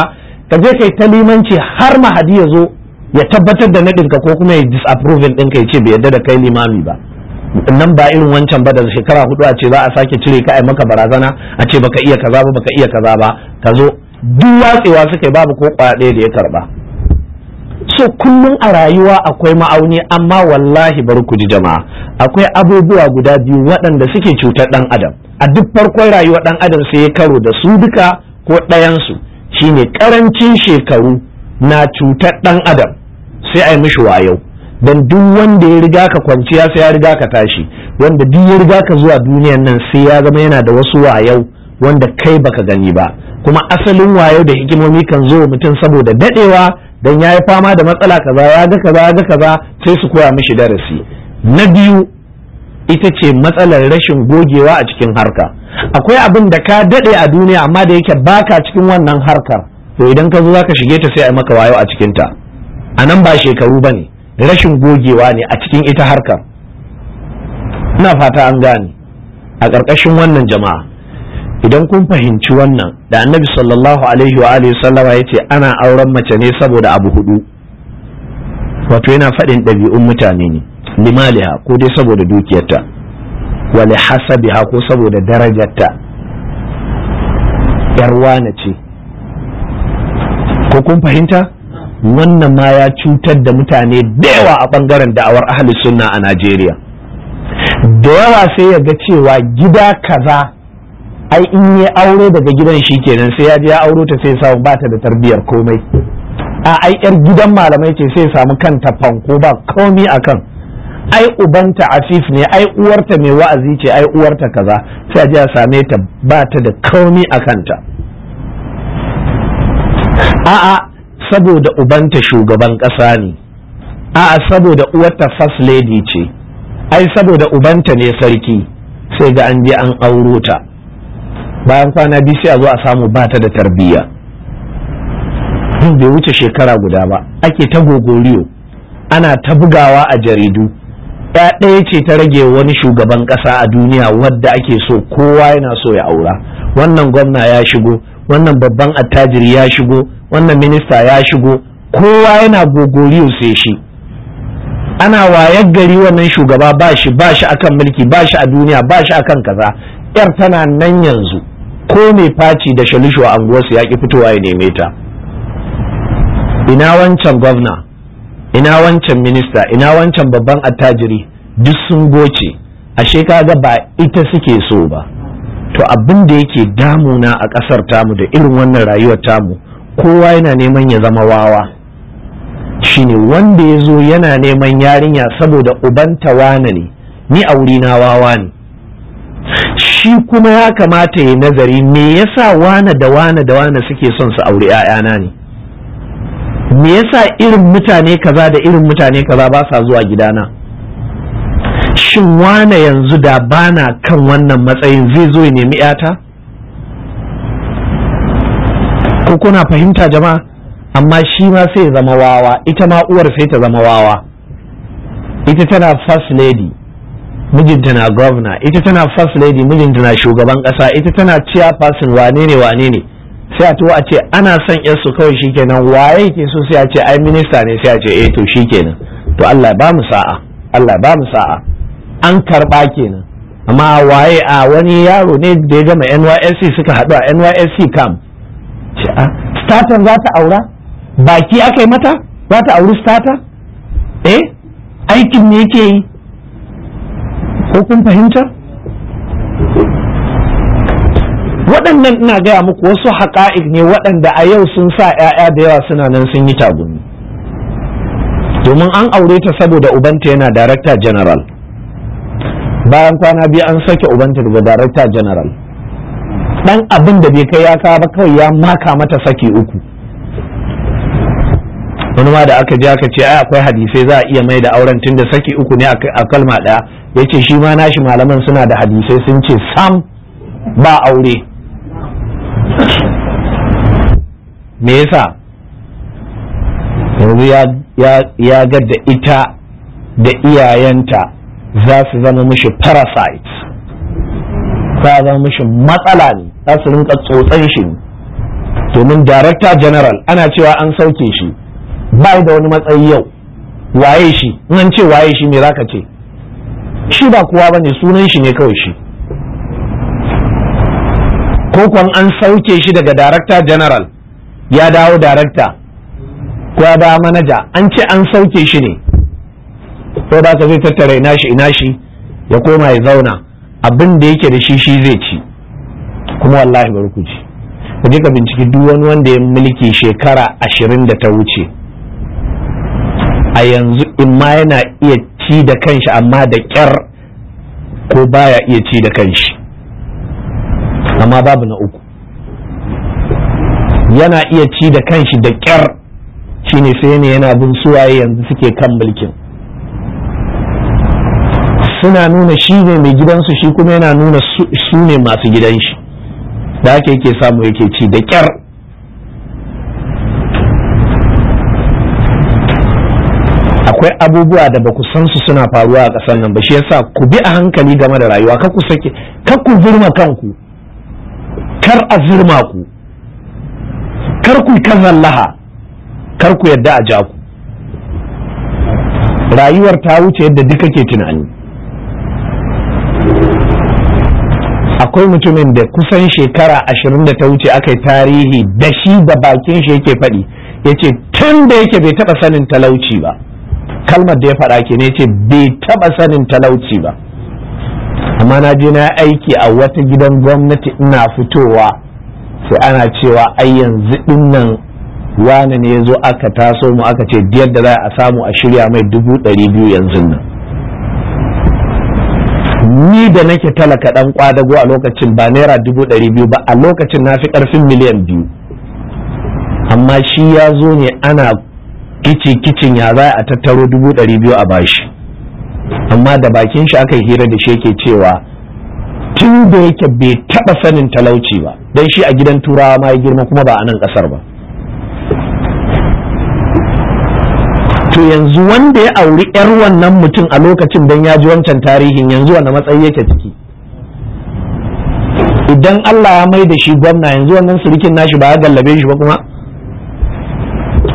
ka je kai ta limanci har mahadi ya zo ya tabbatar da nadinka ko kuma ya disapproving ɗinka ya ce bai yarda da kai limami ba nan ba irin wancan ba da shekara hudu a ce za a sake cire ka ai maka barazana a ce baka iya kaza ba baka iya kaza ba ka zo duk watsewa suka yi babu ko kwaya ɗaya da ya karba ce kullum a rayuwa akwai ma'auni amma wallahi bari ku ji jama'a akwai abubuwa guda biyu waɗanda suke cutar ɗan adam a duk farkon rayuwar ɗan adam sai ya karo da su duka ko ɗayansu shine ƙarancin shekaru na cutar ɗan adam sai a yi mishi wayo don duk wanda ya riga ka kwanciya sai ya riga ka tashi wanda duk ya riga ka zuwa duniyan nan sai ya zama yana da wasu wayo wanda kai baka gani ba kuma asalin wayo da hikimomi kan zo mutum saboda dadewa dan ya yi fama da matsala kaza ya ga kaza ya ga kaza sai su koya mishi darasi na biyu ita ce matsalar rashin gogewa a cikin harka akwai abin da ka daɗe a duniya amma da yake baka cikin wannan harkar to idan ka zo zaka shige ta sai a maka wayo a cikin ta a ba shekaru bane rashin gogewa ne a cikin ita harkar ina fata an gane a ƙarƙashin wannan jama'a idan kun fahimci wannan da annabi sallallahu alaihi wa sallama ya ana auren mace ne saboda abu hudu wato yana faɗin ɗabi'un mutane ne limaliha ko dai saboda dukiyarta wali hasabiha ko saboda darajarta yarwana ce ko kun fahimta wannan ma ya cutar da mutane da a ɓangaren da'awar ahli sunna a najeriya da yawa sai ya ga cewa gida kaza ai in ya aure daga gidan shi kenan sai ya je ya auro ta sai ya ba ta da tarbiyar komai a ai yar gidan malamai ce sai samu kanta fanko ba komai akan ai ubanta afif ne ai uwarta mai wa'azi ce ai uwarta kaza sai ji a same ta bata da komai a kanta a'a saboda ubanta shugaban ƙasa ne a'a saboda uwarta first lady ce ai saboda ubanta ne sarki sai ga an je an auro ta bayan kwana biyu sai a zo a samu ba ta da tarbiyya bai wuce shekara guda ba ake ta gogoriyo ana ta bugawa a jaridu ya ɗaya ce ta rage wani shugaban ƙasa a duniya wadda ake so kowa yana so ya aura wannan gwamna ya shigo wannan babban attajiri ya shigo wannan minista ya shigo kowa yana gogoriyo sai shi ana wayar gari wannan shugaba ba shi ba shi akan mulki ba shi a duniya ba shi akan kaza yar tana nan yanzu ko mai faci da shalishu a anguwarsu ya ki fitowa ya neme ta ina wancan gwamna ina wancan minista ina wancan babban attajiri duk sun goce ashe kaga ba ita suke so ba to abin da yake damuna a ƙasar tamu da irin wannan rayuwar tamu kowa yana neman ya zama wawa shine wanda ya zo yana neman yarinya saboda ubanta wane ne ni a wurina wawa ne shi kuma ya kamata ya nazari me yasa wane da wane da wane suke son su aure 'ya'yana ne me yasa irin mutane kaza da irin mutane kaza ba sa zuwa gidana shin wane yanzu da bana kan wannan matsayin zai zo ya nemi 'yata ko kuna fahimta jama'a amma shi ma sai ya zama wawa ita ma uwar sai ta zama wawa ita tana first lady mijinta na gwamna ita tana first lady mijinta na shugaban kasa ita tana chairperson wane ne wane ne sai a tuwa a ce ana son yan su kawai shikenan waye ke so sai a ce ai minista ne sai a ce eh to shikenan to Allah ba mu sa'a Allah ba mu sa'a an karba kenan amma waye a wani yaro ne da ya gama NYSC suka haɗu a NYSC camp ah, statan za ta aura baki aka yi mata za ta auri stata eh aikin ne yake yi ko kun fahimta waɗannan ina gaya muku wasu haƙa'ik ne waɗanda a yau sun sa 'ya'ya da yawa suna nan sun yi tagumi domin an aure ta saboda ubanta yana director general bayan kwana biyu an sake ubanta daga darakta general ɗan abin da bai kai ya kawo ba kawai ya maka mata saki uku wani ma da aka je aka ce ai akwai hadisai za a iya mai da auren tunda saki uku ne a kalma ɗaya ya ce shi ma nashi malaman suna da hadisai sun ce sam ba aure me yasa yanzu ya ga da ita da iyayenta za su zama mishi parasites za su zama mishi matsala ne za su rinka tsotsan shi domin director general ana cewa an sauke shi ba da wani matsayi yau waye shi nan ce waye shi me zaka ce shi ba kowa bane sunan shi ne kawai shi ko an sauke shi daga darakta general ya dawo darakta ko ya dawo manaja an ce an sauke shi ne ko da ka zai tattara ina shi ina shi ya koma ya zauna abin da yake da shi shi zai ci kuma wallahi barkuci ka je ka binciki duk wani wanda ya mulki shekara ashirin da ta wuce a yanzu in ma yana iya ci da kanshi amma da kyar ko baya iya ci da kanshi amma babu na uku yana iya ci da kanshi da kyar shine sai ne yana bin suwaye yanzu suke kan mulkin suna nuna shi ne mai gidansu shi kuma yana nuna su ne masu gidan shi da ake yake samu yake ci da kyar akwai abubuwa da ba ku san su suna faruwa a ƙasar nan ba shi yasa ku bi a hankali game da rayuwa kar ku sake kar ku zurma kanku kar a zurma ku kar ku kazan laha kar ku yadda a ja ku rayuwar ta wuce yadda duka ke tunani akwai mutumin da kusan shekara ashirin da ta wuce aka yi tarihi da shi da bakin shi yake faɗi ya ce tun da yake bai taɓa sanin talauci ba kalmar da ya faɗa ke ne ce bai taɓa sanin talauci ba amma na je na aiki a wata gidan gwamnati ina fitowa sai ana cewa ai yanzu dinnan wani ne ya zo aka taso mu aka ce diyar da za a samu a shirya mai dubu ɗari biyu yanzu nan ni da nake talaka ɗan kwadago a lokacin ba naira dubu ɗari biyu ba a lokacin na fi ƙarfin miliyan biyu amma shi ya zo ne ana ice kicin ya za a tattaro dubu ɗari biyu a bashi amma da bakin shi aka hira da shi yake cewa tun da yake bai taɓa sanin talauci ba don shi a gidan turawa ma ya girma kuma ba a nan ƙasar ba to yanzu wanda ya auri 'yar wannan mutum a lokacin don ya ji wancan tarihin yanzu wanda matsayi yake ciki idan Allah ya mai da shi gwamna yanzu wannan surikin nashi ba ya gallabe shi ba kuma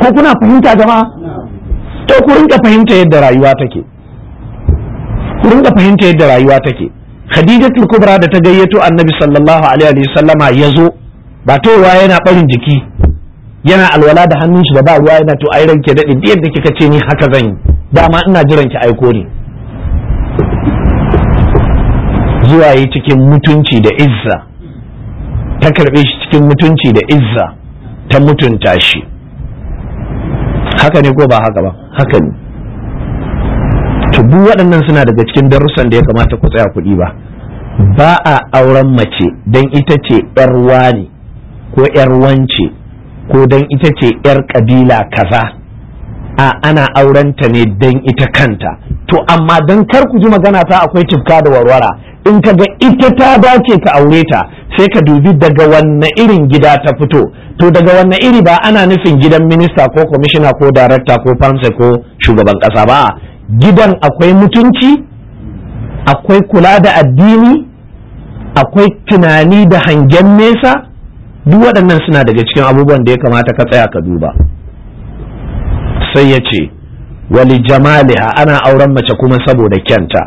ko kuna fahimta jama'a to ku rinka fahimta yadda rayuwa take ku rinka fahimta yadda rayuwa take khadijatul kubra da ta gayyato annabi sallallahu alaihi sallama yazo ba to wa yana barin jiki yana alwala da hannun shi da ba ruwa yana to ai ranke daɗi duk yadda kika ce ni haka zan yi dama ina jiran ki aiko ni. zuwa yi cikin mutunci da izza ta karɓe shi cikin mutunci da izza ta mutunta shi haka ne ko ba haka ba haka ne to duk waɗannan suna daga cikin darussan da ya kamata ku tsaya kuɗi ba ba a auren mace don ita ce yar wani ko yar wance ko don ita ce yar kabila kaza a ana aurenta ne don ita kanta to amma don kar ku ji magana ta akwai tifka da warwara in ka ga ita ta dace ka aure ta sai ka dubi daga wanne irin gida ta fito to daga wanne iri ba ana nufin gidan minista ko kwamishina ko darakta ko famsa ko shugaban kasa ba gidan akwai mutunci akwai kula da addini akwai tunani da hangen nesa duk waɗannan suna daga cikin abubuwan da ya kamata ka tsaya ka duba sai ya ce wali jamaliha ana auren mace kuma saboda kyanta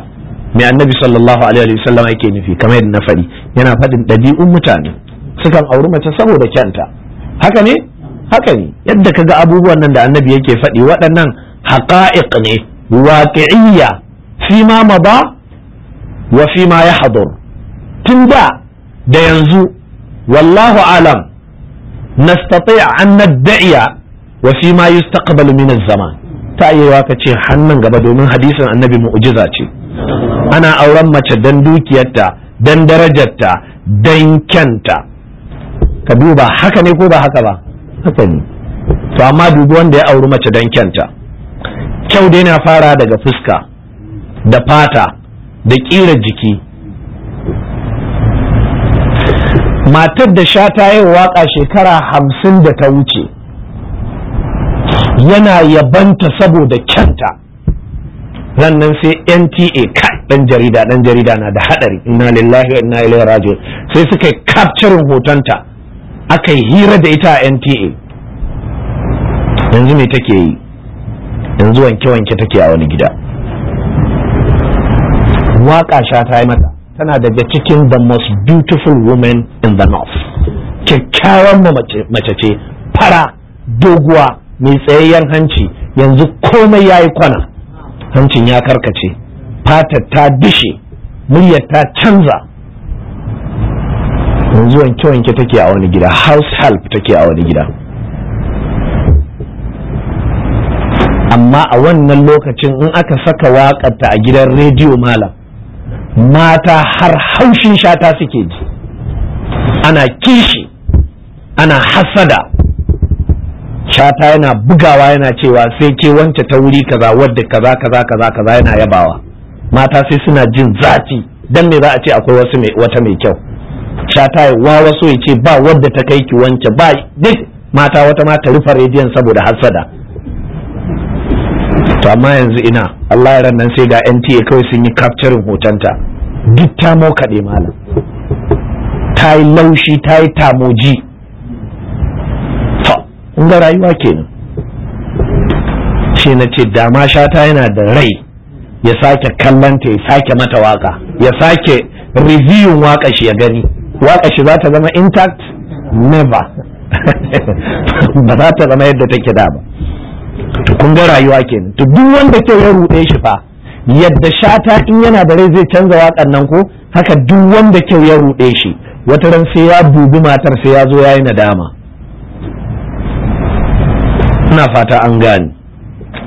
mai annabi sallallahu alaihi wasallam yake nufi kamar yadda na faɗi yana faɗin ɗabi'un mutane sukan auri mace saboda kyanta haka ne haka ne yadda kaga abubuwan nan da annabi yake faɗi waɗannan haqa'iq ne waqi'iyya fi ma mada wa fi ma yahdur tun da da yanzu wallahu alam nastati' an nad'iya wa fi ma yustaqbalu min az-zaman ta iya ka ce hannun gaba domin hadisin annabi mu'jiza ce ana auren mace don dukiyarta don darajarta don kyanta ka duba haka ne ko ba haka ba haka ne to amma dubi wanda ya auri mace don kyanta kyau dai na fara daga fuska da fata da ƙira jiki matar da sha ta yi waƙa shekara hamsin da ta wuce yana yabanta saboda kyanta rannan sai NTA kai dan jarida dan jarida na da hadari inna lillahi wa inna ilaihi raji'un sai suka yi capturing hotonta aka hira da ita a NTA yanzu me take yi yanzu wanke wanke take a wani gida waka sha ta yi mata tana daga cikin the most beautiful woman in the north kyakkyawan mace ce fara doguwa mai tsayayyen hanci yanzu komai yayi kwana hancin ya karkace fatar ta dishe muryar ta canza yanzu wanke-wanke take a wani gida house help take a wani gida amma a wannan lokacin in aka saka waƙarta a gidan rediyo malam mata har haushin shata suke ji ana kishi ana hasada shata yana bugawa yana cewa sai ke wance ta wuri kaza wadda kaza kaza kaza kaza yana yabawa mata sai suna jin zafi dan me za a ce akwai wasu wata mai kyau shata ya wa wasu ya ce ba wadda ta kai ki wance ba duk mata wata ma ta rufe rediyon saboda hassada to amma yanzu ina Allah ya rannan sai ga NTA kawai sun yi capturing hotonta duk ta mo kade malam ta yi laushi ta yi tamoji in ga rayuwa kenan shi na ce dama shata yana da rai ya sake kallanta ya sake mata waka ya sake review waka shi ya gani waka shi za ta zama intact never ba za ta zama yadda take da ba to kun ga rayuwa kenan to duk wanda ke ya rude shi fa yadda shata in yana da rai zai canza wakan nan ko haka duk wanda kyau ya rude shi wata ran sai ya dubi matar sai ya zo ya yi nadama ina fata an gani.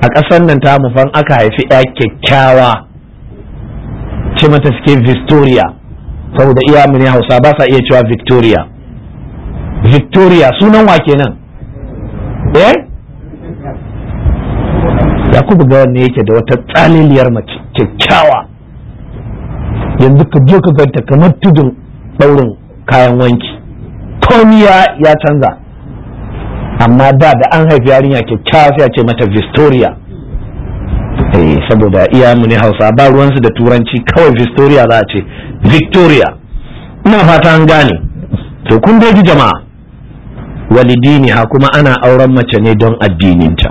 a ƙasar nan ta mufan aka haifi ya kyakkyawa ce mata suke victoria saboda iya mini hausa ba sa iya cewa victoria victoria sunan wa kenan eh yakubu ga wanne yake da wata tsaliliyar mace kyakkyawa yanzu ka je ka ganta kamar tudun ɗaurin kayan wanki komiya ya canza amma da da an haifi yarinya kyakkyawa sai ce mata Victoria eh saboda iya muni Hausa ba ruwansu da turanci kawai Victoria za a ce Victoria ina fata an gane to kun ji jama'a Walidini ha kuma ana auren mace ne don addininta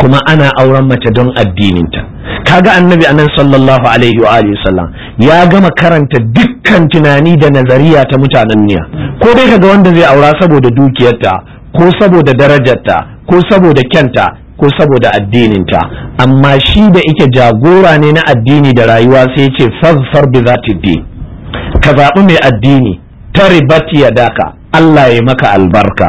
kuma ana auren mace don addininta kaga annabi anan sallallahu alaihi wa alihi sallam ya gama karanta dukkan tunani da nazariya ta mutanen niya ko dai kaga wanda zai aura saboda dukiyarta ko saboda darajarta ko saboda kyanta ko saboda addininta amma shi da ike jagora ne na addini da rayuwa sai ce fazfar bi ta ka zaɓi mai addini ta ribati ya daka Allah ya maka albarka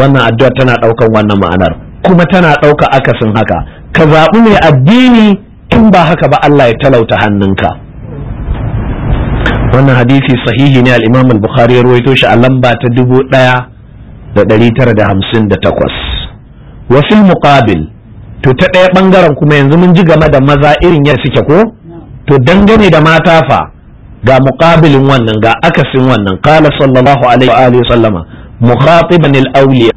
wannan addu'a tana ɗaukan wannan ma'anar kuma tana ɗauka akasin haka ka zaɓi mai addini tun ba haka ba Allah ya talauta hannunka wannan hadisi sahihi ne al-Imam al-Bukhari ya rawaito shi a lamba ta dubu ɗaya da ɗari tara da hamsin da takwas muƙabil to ta ɗaya ɓangaren kuma yanzu mun ji game da maza irin yadda suke ko to dangane da mata fa ga muƙabilin wannan ga akasin wannan kala sallallahu alaihi wa sallama mukhatiban al-awliya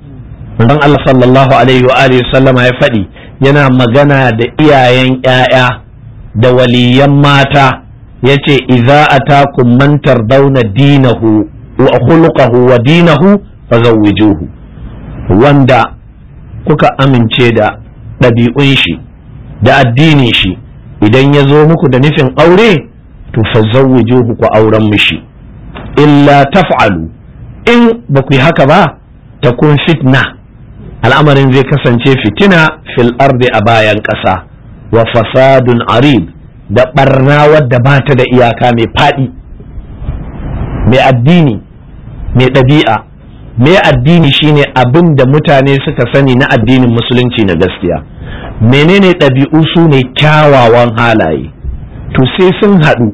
dan Allah sallallahu alaihi wa sallama ya faɗi yana magana da iyayen ƴaƴa da waliyan mata yace idza atakum man tardawna dinahu wa khuluquhu wa dinahu fazawwijuhu wanda kuka amince da ɗabi'un shi da addinin shi idan ya zo muku da nufin aure to fazawwijuhu ku auren mishi illa taf'alu in ba ku yi haka ba ta kun fitna al'amarin zai kasance fitina fil ardi a bayan ƙasa wa fasadun arid da barna wadda ba ta da iyaka mai faɗi mai addini mai ɗabi'a me addini shine abin da mutane suka sani na addinin musulunci na gaskiya menene ɗabi'u su ne kyawawan halaye to sai sun haɗu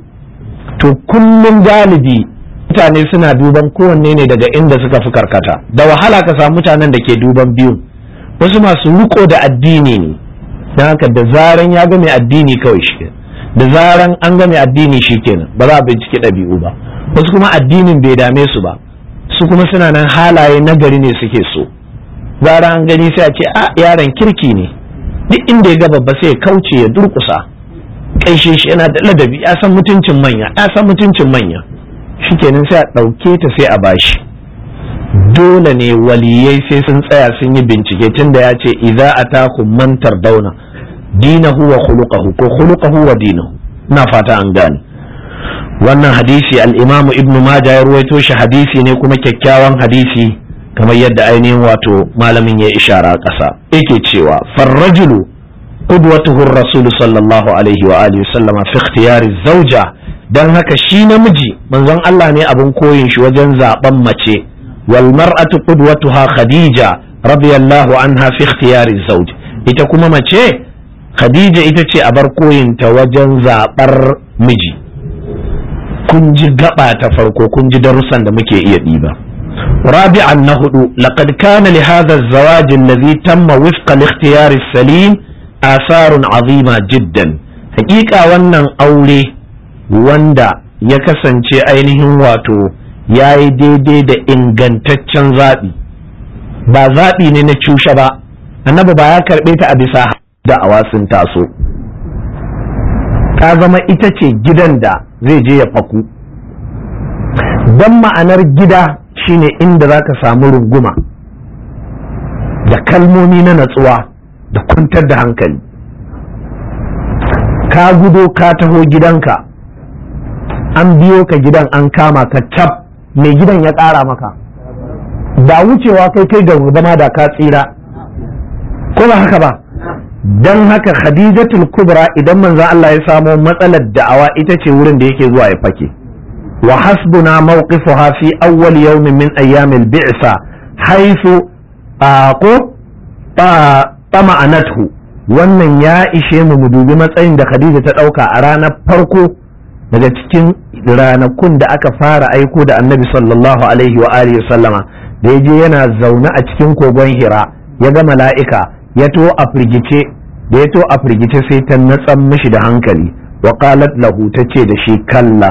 to kullum galibi mutane suna duban kowanne ne daga inda suka fi karkata da wahala ka samu mutanen da ke duban biyu wasu masu riko da addini ne don haka da zaran ya ga mai addini kawai shi da zaran an ga mai addini shi kenan ba za a binciki ɗabi'u ba wasu kuma addinin bai dame su ba su kuma suna nan halaye nagari ne suke so gara an gani sai a ce a ah, yaron kirki ne duk inda ya gaba ba sai ya kauce ya durkusa kaishe shi yana da ladabi ya san mutuncin manya ya san mutuncin manya shikenan sai a ɗauke ta sai a bashi dole ne waliyai sai sun tsaya sun yi bincike tun da ya ce idza atakum man tardawna dinahu wa khuluquhu ko khuluquhu wa dinahu na fata an gane wannan hadisi al-imamu ibnu maja ya ruwaito shi hadisi ne kuma kyakkyawan hadisi kamar yadda ainihin wato malamin ya ishara ƙasa yake cewa farrajulu qudwatuhu rasulu sallallahu alaihi wa alihi sallama fi ikhtiyari dan haka shi namiji manzon Allah ne abin koyin shi wajen zaben mace wal mar'atu qudwatuha khadija radiyallahu anha fi ikhtiyari zawj ita kuma mace khadija ita ce abar koyinta wajen zaɓar miji kun ji gaba ta farko kun ji darussan da muke iya ɗiba rabi'an na hudu laqad kana li hadha az-zawaj alladhi tamma wifqa al-ikhtiyar salim asarun azima jiddan hakika wannan aure wanda ya kasance ainihin wato ya yi daidai da ingantaccen zaɓi ba zaɓi ne na cushe ba annabi ba ya karɓe ta a bisa da awasin taso kazama zama ita ce gidan da zai je ya faku don ma'anar gida shine inda za ka samu runguma da kalmomi na natsuwa da kwantar da hankali ka gudo ka taho gidanka an biyo ka gidan an kama ka cap mai gidan ya ƙara maka Ba wucewa kai kai ga zama da ka tsira ko ba haka ba dan haka khadijatul kubra idan manzo Allah ya samo matsalar da'awa ita ce wurin da yake zuwa ya fake wa hasbuna mawqifuha fi awwal yawm min ayyamin bi'sa haythu ko tama'anathu wannan ya ishe mu mu dubi matsayin da Khadija ta dauka a ranar farko daga cikin ranakun da aka fara aiko da Annabi sallallahu alaihi wa alihi sallama da yaje yana zaune a cikin kogon Hira ya ga mala'ika ya to a firgice da ya to a firgice sai ta natsan mishi da hankali wa qalat lahu tace da shi kalla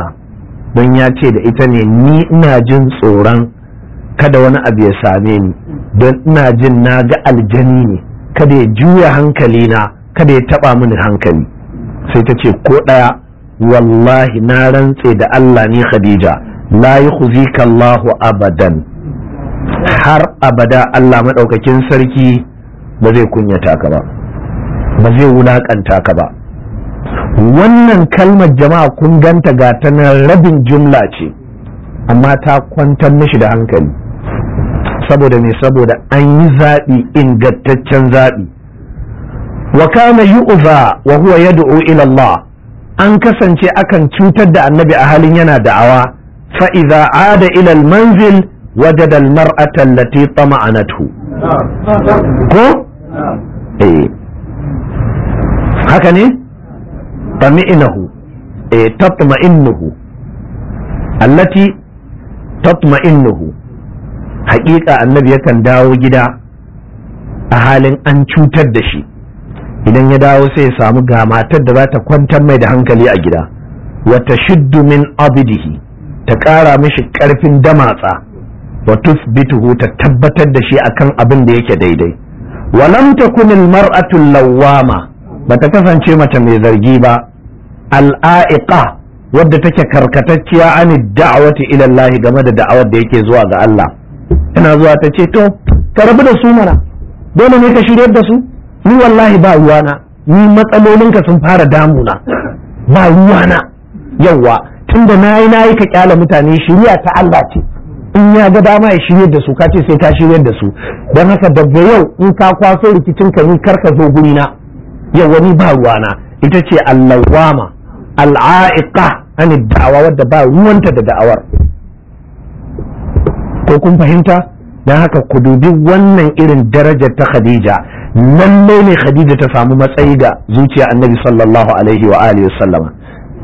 don ya ce da ita ne ni ina jin tsoron kada wani abu ya same ni don ina jin na ga aljani ne kada ya juya hankali na kada ya taba mini hankali sai ta ce ko ɗaya wallahi na rantse da Allah ni Khadija la yukhzika Allahu abadan har abada Allah madaukakin sarki ba zai kunyata ka ba ba zai wulakanta ka ba wannan kalmar jama'a kun ganta ga ta rabin jumla ce amma ta kwantar mishi da hankali saboda me saboda an yi zaɓi ingantaccen zaɓi wa kana yu'za wa huwa yad'u ila Allah an kasance akan cutar da annabi a halin yana da'awa fa idza ada ila al-manzil wajada al-mar'ata allati tama'anathu ko Eh. haka ne tami'inahu eh tatma'innuhu allati tatma'innuhu haƙiƙa annabi yakan dawo gida a halin an cutar da shi idan ya dawo sai ya samu ga matar da za ta kwantar mai da hankali a gida wata shiddu min abidihi ta ƙara mishi ƙarfin damatsa wa tusbituhu ta tabbatar da shi akan abin da yake daidai walam takunil mar'atul lawwama bata kasance mace mai zargi ba al'a'ika, wadda take karkatacciya an da'awati ila game da da'awar da yake zuwa ga Allah ina zuwa ta ce to ka rabu da su mana dole ne ka shiryar da su ni wallahi ba ruwana ni matsalolinka sun fara damuna ba ruwana yawwa tunda nayi nayi ka kyala mutane shiriya ta Allah ce in ya ga dama ya shirye da su ka sai ka shirye da su don haka daga yau in ka kwaso rikicin ka ni karka zo guri na yau wani ba ruwa na ita ce allawama al'a'iqa an da'awa wadda ba ruwanta da da'awar ko kun fahimta don haka ku dubi wannan irin darajar ta khadija lallai ne khadija ta samu matsayi ga zuciya annabi sallallahu alaihi wa alihi wasallama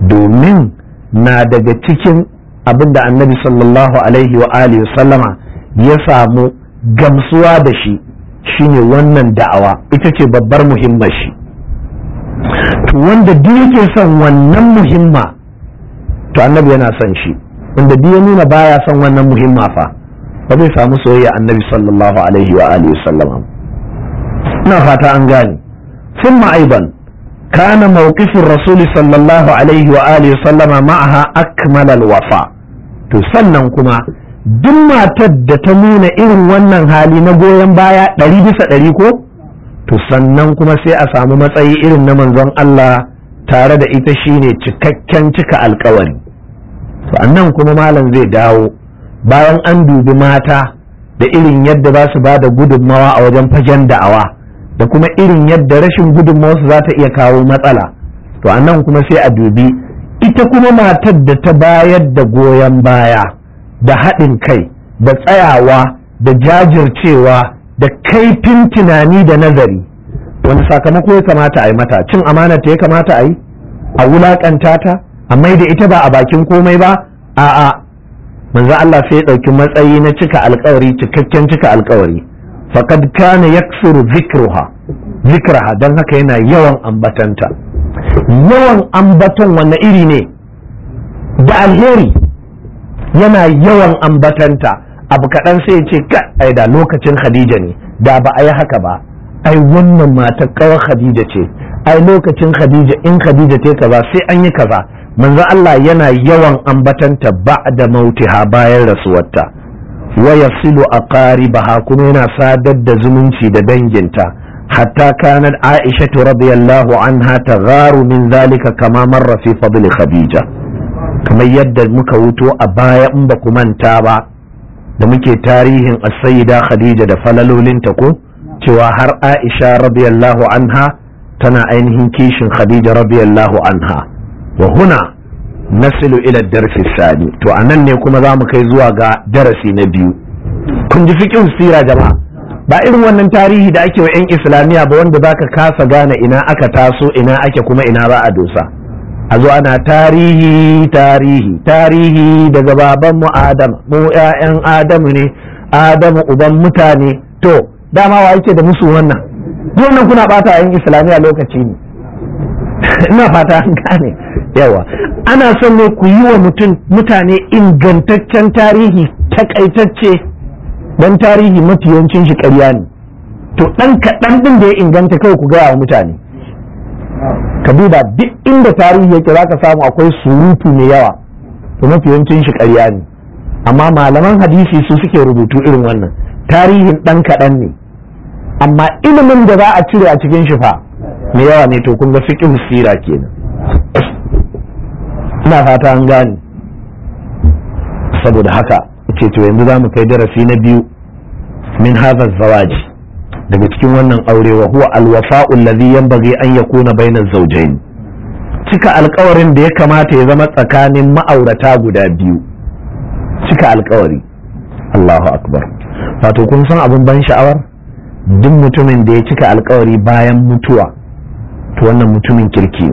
domin na daga cikin Abin da annabi sallallahu alaihi wa alihi sallama ya samu gamsuwa da shi shine wannan da'awa ita ce babbar muhimmar shi wanda duk yake son wannan muhimma to annabi yana son shi wanda duk ya nuna baya son wannan muhimma fa ba zai samu soyayya annabi sallallahu alaihi wa alihi sallama ina fata an gane ثم ma'aiban. كان موقف الرسول صلى الله عليه وآله وسلم معها أكمل الوفاء to sannan kuma duk matar da ta nuna irin wannan hali na goyon baya ɗari bisa ɗari ko to sannan kuma sai a samu matsayi irin na manzon Allah tare da ita shine cikakken cika alkawari to annan kuma malam zai dawo bayan an dubi mata da irin yadda za su ba da gudunmawa a wajen fagen da'awa da kuma irin yadda rashin su za ta iya kawo matsala to a kuma sai a dubi ita kuma matar da ta bayar da goyon baya da haɗin kai da tsayawa da jajircewa da kaifin tunani da nazari wani sakamako ya kamata a yi mata cin amanata ya kamata a yi a wulaƙanta ta a mai da ita ba a bakin komai ba a'a manzo Allah sai ya ɗauki matsayi na cika alkawari cikakken cika alkawari faqad kana yaksuru zikruha zikraha dan haka yana yawan ambatanta yawan ambaton wanne iri ne da alheri yana yawan ambatanta abu kaɗan sai ya ce ai da lokacin khadija ne da ba a yi haka ba ai wannan mata kawa khadija ce ai lokacin khadija in khadija ta kaza sai an yi kaza manzo Allah yana yawan ambatanta ba da mautiha bayan rasuwarta wa yasilu aqaribaha kuma yana sadar da zumunci da danginta hatta kanat aisha radiyallahu anha tagharu min zalika kama marra fi fadl khadija kamar yadda muka wuto a baya in ba ku manta ba da muke tarihin as khadija da falalolinta ko cewa har aisha radiyallahu anha tana ainihin kishin khadija radiyallahu anha wa nasilu ila darsi sani to anan ne kuma za mu kai zuwa ga darasi na biyu kun ji fikin sira jama'a ba irin wannan tarihi da ake wa 'yan islamiyya ba wanda ka kasa gane ina aka taso ina ake kuma ina ba a dosa a zo ana tarihi tarihi tarihi daga babanmu adam mu 'ya'yan adamu ne adamu uban mutane to dama wa yake da musu wannan wannan kuna bata 'yan islamiyya lokaci ne ina fata an gane yawa ana son ne ku yi wa mutane ingantaccen tarihi takaitacce dan tarihi mafiyancin shi ƙarya ne to ɗan kaɗan ɗin da ya inganta kawai ku gaya wa mutane ka duba duk inda tarihi yake za ka samu akwai surutu mai yawa to mafiyancin shi ƙarya ne amma malaman hadisi su suke rubutu irin wannan tarihin ɗan kaɗan ne amma ilimin da za a cire a cikin shi fa mai yawa ne to kun ga fiqh sira kenan ina fata an gane saboda haka ce to yanzu za mu kai darasi na biyu min hadha zawaj daga cikin wannan aure wa huwa alwafa'u alladhi yanbaghi an yakuna bainaz zawjayn cika alkawarin da ya kamata ya zama tsakanin ma'aurata guda biyu cika alkawari Allahu akbar wato kun san abin ban sha'awar duk mutumin da ya cika alkawari bayan mutuwa to wannan mutumin kirki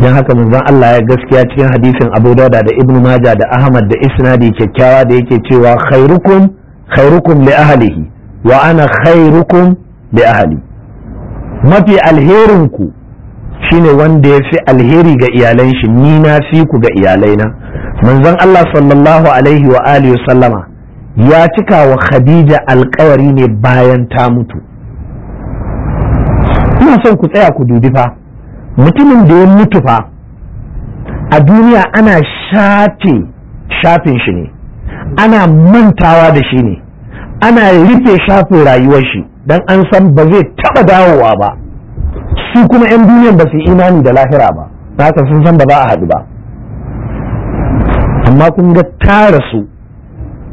don haka manzon Allah ya gaskiya cikin hadisin Abu Dawud da Ibn Majah da Ahmad da isnadi kyakkyawa da yake cewa khairukum khairukum li ahlihi wa ana khairukum li ahli mafi alherin ku shine wanda ya fi alheri ga iyalan shi ni na fi ku ga iyalaina manzon Allah sallallahu alaihi wa alihi sallama ya cika wa Khadija alkawari ne bayan ta mutu ina son ku tsaya ku dudufa mutumin da ya mutu fa a duniya ana shafe shafin shi ne ana mantawa da shi ne ana rufe shafin rayuwar shi don an san ba zai taba dawowa ba su kuma 'yan duniyan ba su imani da lahira ba haka sun san ba za a haɗu ba amma kun ga tara su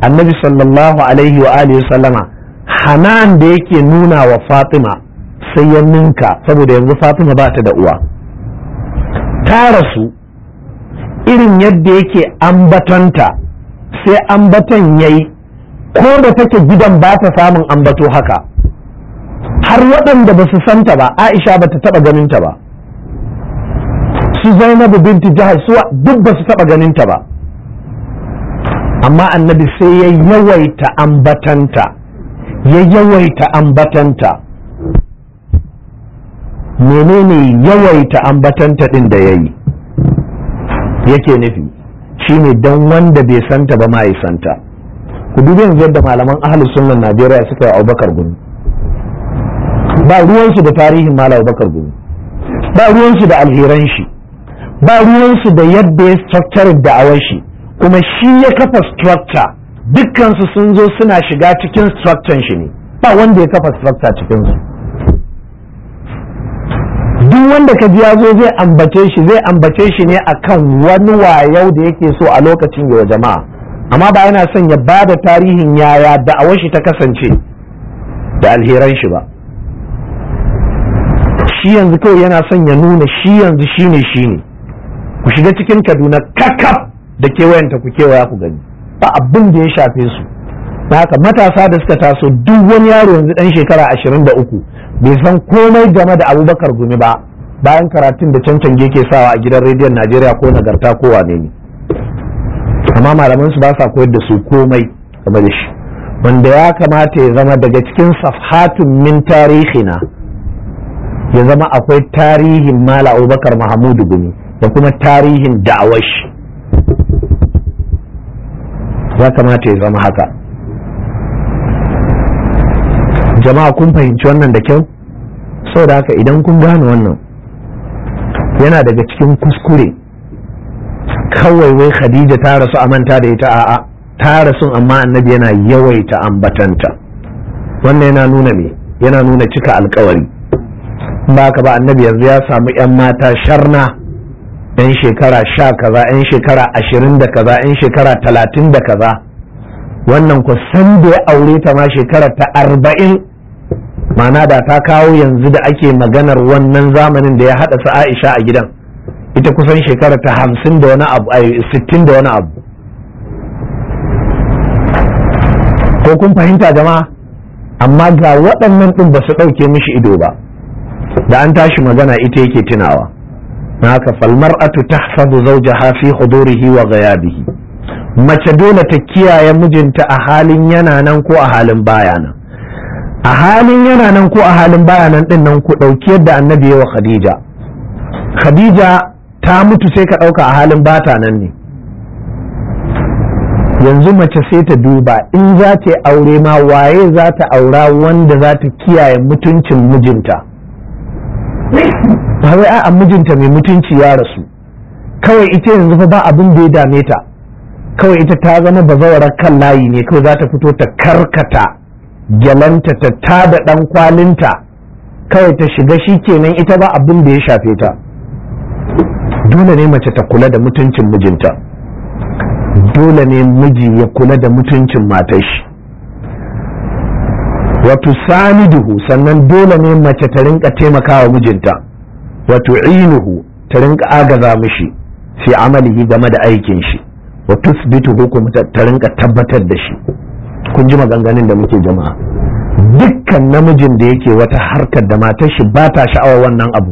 annabi sallallahu alaihi wa alihi sallama hanan da yake nuna wa fatima sai ya ninka saboda yanzu fatima ba ta da uwa ta rasu irin yadda yake ambatanta sai ya yayi ko da take gidan ba ta samun ambato haka har waɗanda ba su santa ba aisha ba ta taɓa ganinta ba su zainabu binti jihar suwa duk ba su taɓa ganinta ba amma annabi sai ya yawaita ambatanta ya yawaita ambatanta menene yawaita ambatanta din da yayi yake nufi shine dan wanda bai santa ba ma santa ku dubi yanzu yadda malaman ahlus sunnan Najeriya suka yi Abubakar Gumi ba ruwansu da tarihin Malam Abubakar Gumi ba ruwansu da alheran shi ba ruwansu da yadda ya structure da shi kuma shi ya kafa structure dukkansu sun zo suna shiga cikin structure shi ne ba wanda ya kafa structure cikin su duk wanda ka ji ya zo zai ambace shi zai ambace shi ne akan wani wayau da yake so a lokacin yau jama'a amma ba yana son ya ba da tarihin yaya da shi ta kasance da alheran shi ba shi yanzu kawai yana son ya nuna shi yanzu shi ne shi ku shiga cikin kaduna kakaf da kewayenta ku kewaya ku gani ba abin da ya shafe su haka matasa da suka taso duk wani yaro yanzu dan shekara ashirin da uku bai san komai game da abubakar gumi ba bayan karatun da cancan ke sawa a gidan rediyon najeriya ko nagarta ko wane ne amma malaman su ba sa koyar da su komai game da shi wanda ya kamata ya zama daga cikin safhatun min tarihina ya zama akwai tarihin mala abubakar mahamudu gumi da kuma tarihin da'awashi ya kamata ya zama haka jama'a kun fahimci wannan da kyau da haka idan kun gane wannan yana daga cikin kuskure kawai wai khadija ta rasu a manta da ita a'a ta rasu amma annabi yana yawaita ambatanta wannan yana nuna me yana nuna cika alkawari ba ka ba annabi yanzu ya samu yan mata sharna yan shekara sha kaza yan shekara ashirin da kaza yan shekara talatin da kaza wannan ku san da ya aure ta ma shekara ta arba'in mana da ta kawo yanzu da ake maganar wannan zamanin da ya haɗa su aisha a gidan ita kusan shekara ta hamsin da wani abu sittin da wani abu ko kun fahimta jama amma ga waɗannan ɗin ba su ɗauke mishi ido ba da an tashi magana ita yake tunawa na haka falmar atu ta zawjaha fi hudurihi wa gayabihi mace dole ta kiyaye mijinta a halin yana nan ko a halin baya nan a halin yana nan ko a halin baya nan din nan ku ɗauki yadda annabi yawa khadija khadija ta mutu sai ka ɗauka a halin bata nan ne yanzu mace sai ta duba in za ta aure ma waye za ta aura wanda za ta kiyaye mutuncin mijinta ba wai a mijinta mai mutunci ya rasu kawai ita yanzu fa ba abin da ya dame ta kawai ita ta zama bazawarar kan layi ne kawai za ta fito ta karkata gyalanta ta tada ɗan kwalinta kawai ta shiga shi kenan ita ba abin da ya shafe ta dole ne mace ta kula da mutuncin mijinta dole ne miji ya kula da mutuncin matar shi wato duhu sannan dole ne mace ta rinka taimakawa mijinta wato inuhu ta rinka agaza mishi sai amalihi game da aikin shi wato tusbitu hukum ta rinka tabbatar da shi kun ji maganganun da muke jama'a dukkan namijin da yake wata harkar da matar shi ba ta sha'awar wannan abu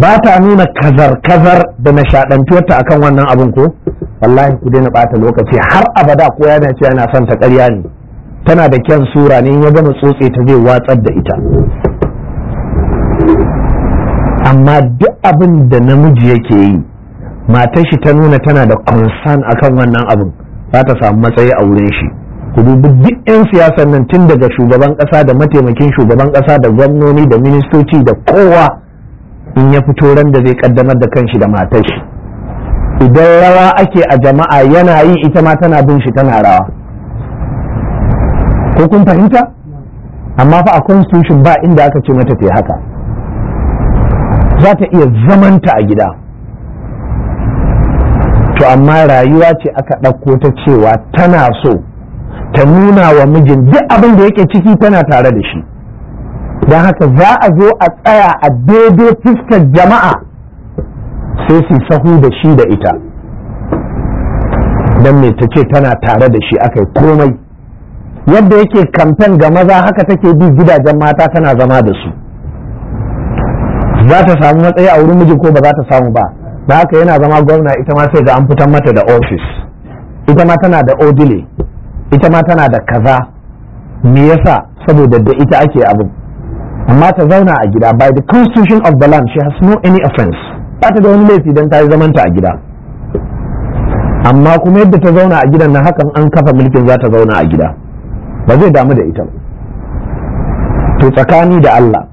ba ta nuna kazar-kazar da nishaɗantuwarta akan wannan abun ko wallahi ku daina ɓata lokaci har abada ko yana ce yana son ta ƙarya ne tana da kyan sura ne ya gama tsotse ta zai watsar da ita amma duk abin da namiji yake yi matar shi ta nuna tana da concern akan wannan abun za ta samu matsayi a wurin shi ku dubi duk 'yan siyasar nan tun daga shugaban kasa da mataimakin shugaban kasa da gwamnoni da ministoci da kowa in ya fito ran da zai kaddamar da kanshi da matar shi idan rawa ake a jama'a yana yi ita ma tana bin shi tana rawa ko kun fahimta amma fa a constitution ba inda aka ce mata ta haka za ta iya zamanta a gida to amma rayuwa ce aka ɗauko ta cewa tana so ta nuna wa mijin duk abin da yake ciki tana tare da shi don haka za a zo a tsaya a daidai fuskar jama'a sai su sahu da shi da ita don me ta ce tana tare da shi akai komai yadda yake kamfen ga maza haka take bi gidajen mata tana zama da su za ta samu matsayi a wurin mijin ko ba za ta samu ba da haka yana zama gwamna ita ma sai ga an fitan mata da ofis ita ma tana da odile ita ma tana da kaza me yasa saboda da ita ake abu amma ta zauna a gida by the constitution of the land she has no any offense ba ta da wani laifi don ta yi zamanta a gida amma kuma yadda ta zauna a gidan na hakan an kafa mulkin za ta zauna a gida ba zai damu da ita to tsakani da Allah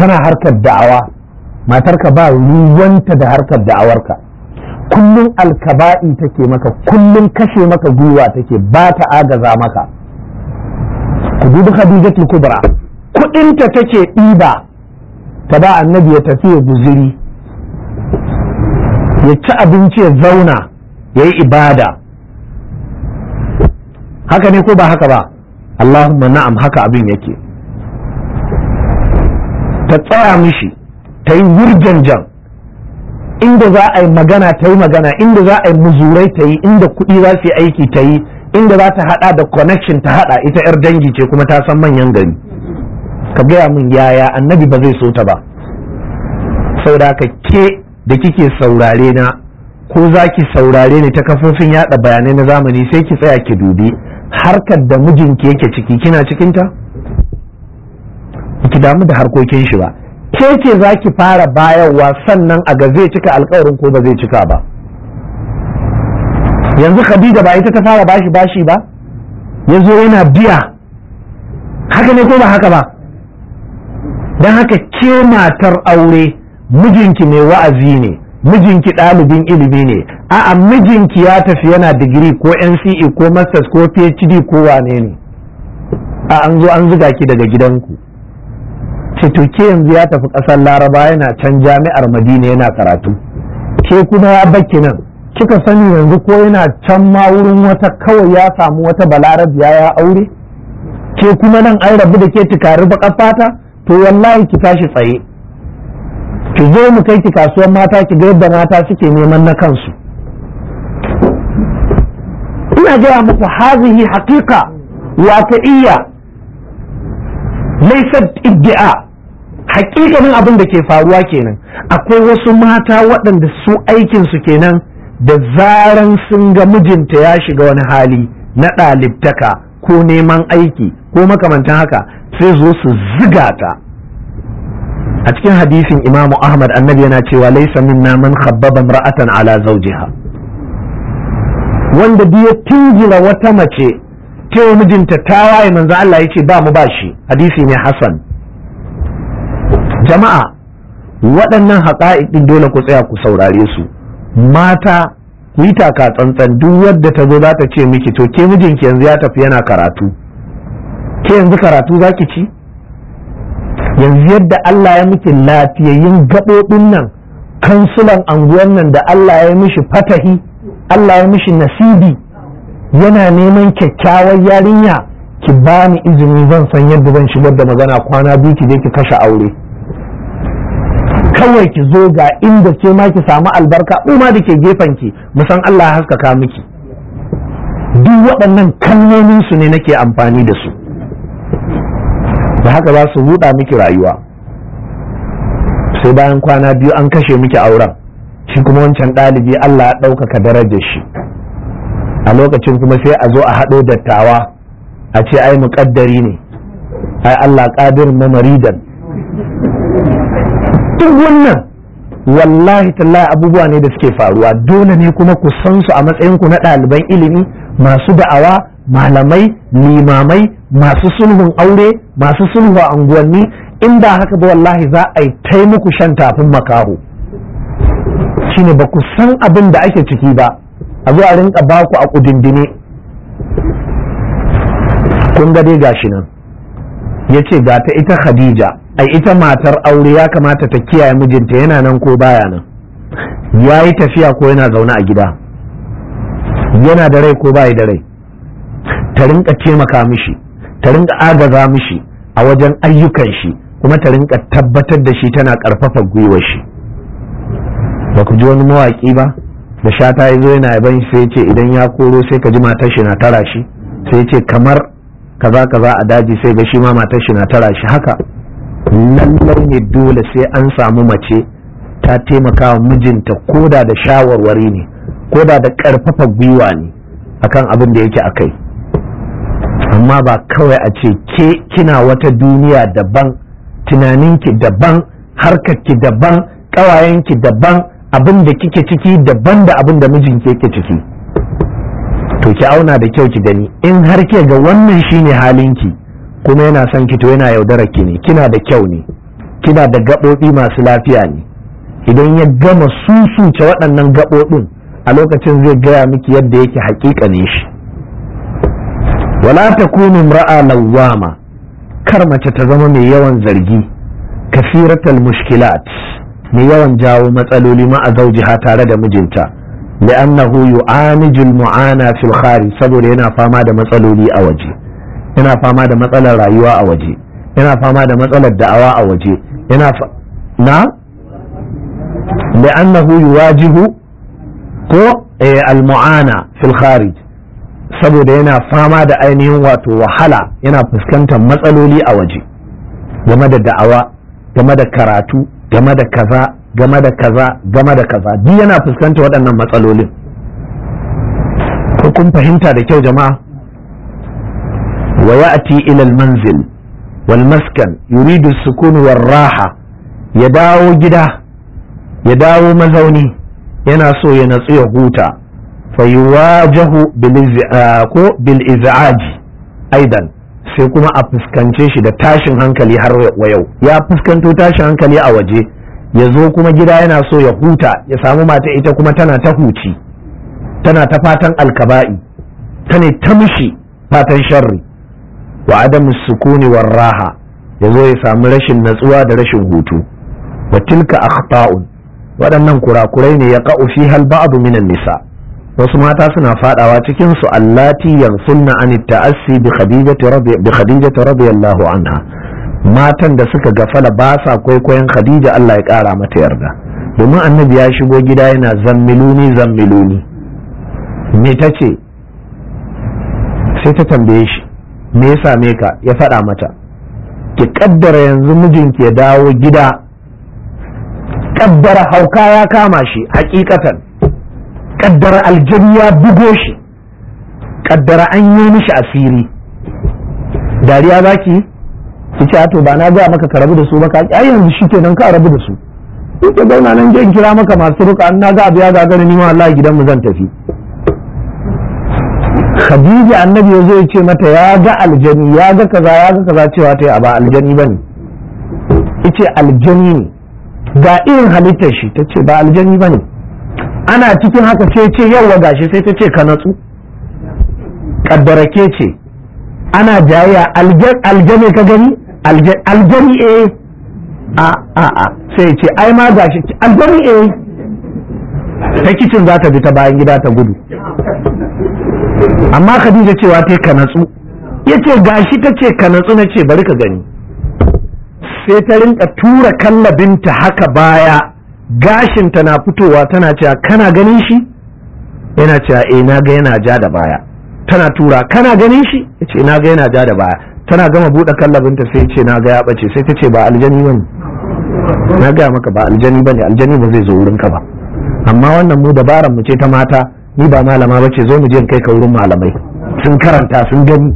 kana harkar da'awa matarka ba ruwanta da harkar da'awarka kullum alkaba'i take maka kullum kashe maka gwiwa take ba ta agaza maka ku dubi khadijatul kubra ta take ɗiba ta ba annabi ya tafi ya guziri ya ci abinci ya zauna ya yi ibada haka ne ko ba haka ba Allahumma na'am haka abin yake ta tsaya mishi ta yi wurjanjan inda za a yi magana ta yi magana inda za a yi muzurai ta yi inda kuɗi za su yi aiki ta yi inda za ta haɗa da connection ta haɗa ita 'yar dangi ce kuma ta san manyan gari ka gaya mun yaya annabi ba zai so ta ba sauda ka ke da kike saurare na ko za ki saurare ni ta kafofin yada bayanai na zamani sai ki tsaya ki dubi harkar da mijinki yake ciki kina cikinta ki damu da harkokin shi ba ke ce za ki fara bayarwa sannan a ga zai cika alkawarin ko ba zai cika ba yanzu khadija ba ita ta fara bashi bashi ba yanzu yana biya haka ne ko ba haka ba don haka ke matar aure mijinki mai wa'azi ne mijinki ɗalibin ilimi ne a'a mijinki ya tafi yana digiri ko nce ko masters ko phd ko wane ne a an zo an zuga ki daga gidanku ce to ke yanzu ya tafi ƙasar laraba yana can jami'ar madina yana karatu ke kuma ya baki nan kika sani yanzu ko yana can ma wurin wata kawai ya samu wata balarabiya ya aure ke kuma nan an rabu da ke tukari baƙar fata to wallahi ki tashi tsaye ki zo mu kai ki kasuwar mata ki ga yadda mata suke neman na kansu ina gaya muku hazihi haƙiƙa iya laysat iddia hakikanin abin da ke faruwa kenan akwai wasu mata waɗanda su aikin aikinsu kenan da zaran sun ga mijinta ya shiga wani hali na ɗalibtaka ko neman aiki ko makamantan haka sai zo su ziga ta a cikin hadisin imamu ahmad annabi yana cewa laisa minna man khabbaba ra'atan ala zawjiha wanda biya tingila wata mace cewa mijinta ta waye manzo Allah yace ba mu ba shi hadisi ne hasan jama'a waɗannan haƙa'iq ɗin dole ku tsaya ku saurare su mata ku yi taka tsantsan duk wadda ta zo za ta ce miki to ke mijinki yanzu ya tafi yana karatu ke yanzu karatu za ki ci yanzu yadda Allah ya miki lafiyayyun gaɓoɓin nan kansulan anguwan nan da Allah ya mishi fatahi Allah ya mishi nasibi yana neman kyakkyawar yarinya ki bani izini zan san yadda zan shigar da magana kwana biyu ki je ki kashe aure kawai ki zo ga inda ke ma ki samu albarka kuma da ke gefen ki mu san Allah ya haskaka miki duk waɗannan kalmomin su ne nake amfani da su da haka za su buɗa miki rayuwa sai bayan kwana biyu an kashe miki auren shi kuma wancan ɗalibi Allah ya ɗaukaka darajar shi a lokacin kuma sai a zo a haɗo dattawa a ce ai muƙaddari ne ai Allah ƙadir na maridan duk wannan wallahi tallahi abubuwa ne da suke faruwa dole ne kuma ku san su a matsayin ku na ɗaliban ilimi masu da'awa malamai limamai masu sulhun aure masu sulhu a unguwanni in ba haka ba wallahi za a yi tai muku shan tafin makaho shine ba ku san abin da ake ciki ba a zo a rinka ba ku a kudindine kun ga dai gashi nan ya ce ga ta ita khadija a ita matar aure ya kamata ta kiyaye mijinta yana nan ko baya nan ya yi tafiya ko yana zaune a gida yana da rai ko baya da rai ta rinka taimaka mishi ta rinka agaza mishi a wajen ayyukan shi kuma ta rinka tabbatar da shi tana karfafa gwiwar shi ba ku ji wani mawaki ba da shata ya zo yana yaban sai ce idan ya koro sai ka ji matar shi na tara shi sai ce kamar kaza kaza a daji sai ga shi ma matar shi na tara shi haka lallai ne dole sai an samu mace ta taimaka wa mijinta ko da da shawarwari ne koda da ƙarfafa gwiwa ne akan abin da yake a kai amma ba kawai a ce ke kina wata duniya daban tunaninki daban harkar ki daban ƙawayenki daban abin da kike ciki daban da abin da mijinki yake ciki to ki auna da kyau ki gani in har ke ga wannan shine halinki kuma yana son ki to yana yaudara ki ne kina da kyau ne kina da gaɓoɓi masu lafiya ne idan ya gama susuce waɗannan gaɓoɓin a lokacin zai gaya miki yadda yake haƙiƙa ne shi wala ta kunu ra'a lawwama kar mace ta zama mai yawan zargi kasiratal mushkilat mai yawan jawo matsaloli ma a tare da mijinta li'annahu yu'anijul mu'ana fil khari saboda yana fama da matsaloli a waje yana fama da matsalar rayuwa a waje yana fama da matsalar da'awa a waje yana na li'annahu yuwajihu ko eh, al-mu'ana fil kharij saboda yana fama da ainihin wato wahala yana fuskantar matsaloli a waje game da da'awa game da karatu game da kaza game da kaza game da kaza duk yana fuskantar waɗannan matsalolin ko kun fahimta da kyau jama'a ويأتي إلى المنزل والمسكن يريد السكون والراحة يداو جدا يداو مزوني يناسو ينصي هوتا فيواجه بالإزعاج aidan sai kuma a fuskance shi da tashin hankali har wa yau ya fuskanto tashin hankali a waje ya zo kuma gida yana so ya huta ya samu mata ita kuma tana ta huci tana ta fatan alkaba'i ta ne ta mishi fatan sharri wa adam sukuni raha ya zo ya samu rashin natsuwa da rashin hutu wa tilka akhta'un waɗannan kurakurai ne ya ka'u fi hal ba'du minan nisa wasu mata suna fadawa cikin su allati yansunna an ta'assi bi khadijati rabi bi khadijati radiyallahu anha matan da suka gafala ba sa kwaikwayon khadija Allah ya kara mata yarda domin annabi ya shigo gida yana zammiluni zammiluni me tace sai ta tambaye shi me ya same ka ya faɗa mata ki ƙaddara yanzu mijinki ya dawo gida kaddara hauka ya kama shi hakikatan kaddara aljabi ya bugo shi ƙaddara an yi mishi asiri dariya za ki Ki ce to ba na ga maka ka rabu da su ba ka ai yanzu shi nan ka rabu da su in ka zauna nan je in kira maka masu ruka an na ga abu ya gagara ni ma Allah gidan mu zan tafi khadija annabi ya zo ya ce mata ya ga aljani ya ga kaza ya ga kaza cewa ta yi ba aljani ba ne ce aljani ne ga irin halittar shi ta ce ba aljani ba ne ana cikin haka sai ce yawa gashi sai ta ce ka natsu kaddarake ce ana jayayya aljani ka gani aljani eh a a a sai ce ai ma gashi aljani eh ta kicin za ta bi ta bayan gida ta gudu amma khadija cewa ta ka natsu ya ce gashi ta ce ka natsu na ce bari ka gani sai ta rinka tura kallabinta haka baya gashinta na fitowa tana cewa kana ganin shi yana cewa eh na ga yana ja da baya tana tura kana ganin shi ya ce na ga yana ja da baya tana gama buɗe kallabinta sai ce na ga ya bace sai ta ce ba aljani ba ne na gaya maka ba aljani ba ne aljani ba zai zo wurinka ba amma wannan mu dabaran mu ce ta mata ni ba malama bace zo mu je kai ka wurin malamai sun karanta sun gani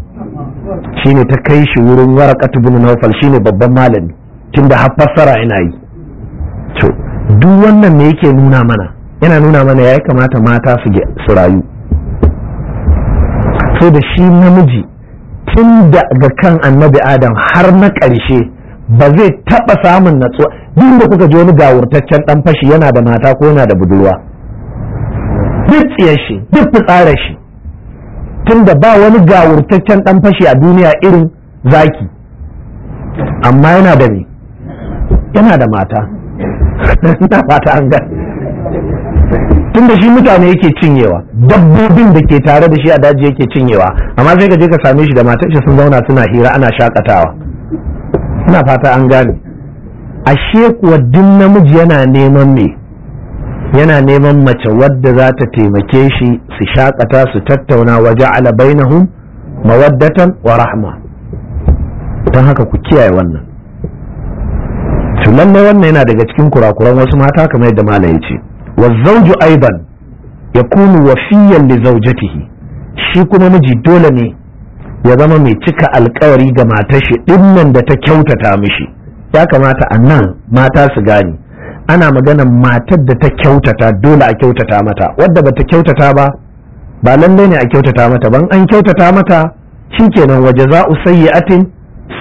shine ta kai shi wurin warakatu bin shi shine babban malami tun da fassara ina yi to duk wannan me yake nuna mana yana nuna mana ya kamata mata su su rayu so da shi namiji tun daga kan annabi adam har na ƙarshe ba zai taɓa samun natsuwa duk da kuka ji wani gawurtaccen ɗan fashi yana da mata ko yana da budurwa duk tsiyar shi duk fitsarar shi tunda ba wani gawurtaccen dan fashi a duniya irin zaki amma yana da me yana da mata na mata an ga tunda shi mutane yake cinyewa dabbobin da ke tare da shi a daji yake cinyewa amma sai ka je ka same shi da matar shi sun zauna suna hira ana shakatawa ina fata an gane ashe kuwa din namiji yana neman me yana neman mace wadda za ta taimake shi su shakata su tattauna waje ja'ala bainahum mawaddatan wa rahma don haka ku kiyaye wannan to lallai wannan yana daga cikin kurakuran wasu mata kamar yadda mala ya ce wa zauju aiban yakunu wafiyan li zaujatihi shi kuma miji dole ne ya zama mai cika alkawari ga matar shi dinnan da ta kyautata mishi ya kamata a nan mata su gane ana maganan matar da ta kyautata dole a kyautata mata wadda ba ta kyautata ba ba lallai ne a kyautata mata ban an kyautata mata shi shikenan sayi atin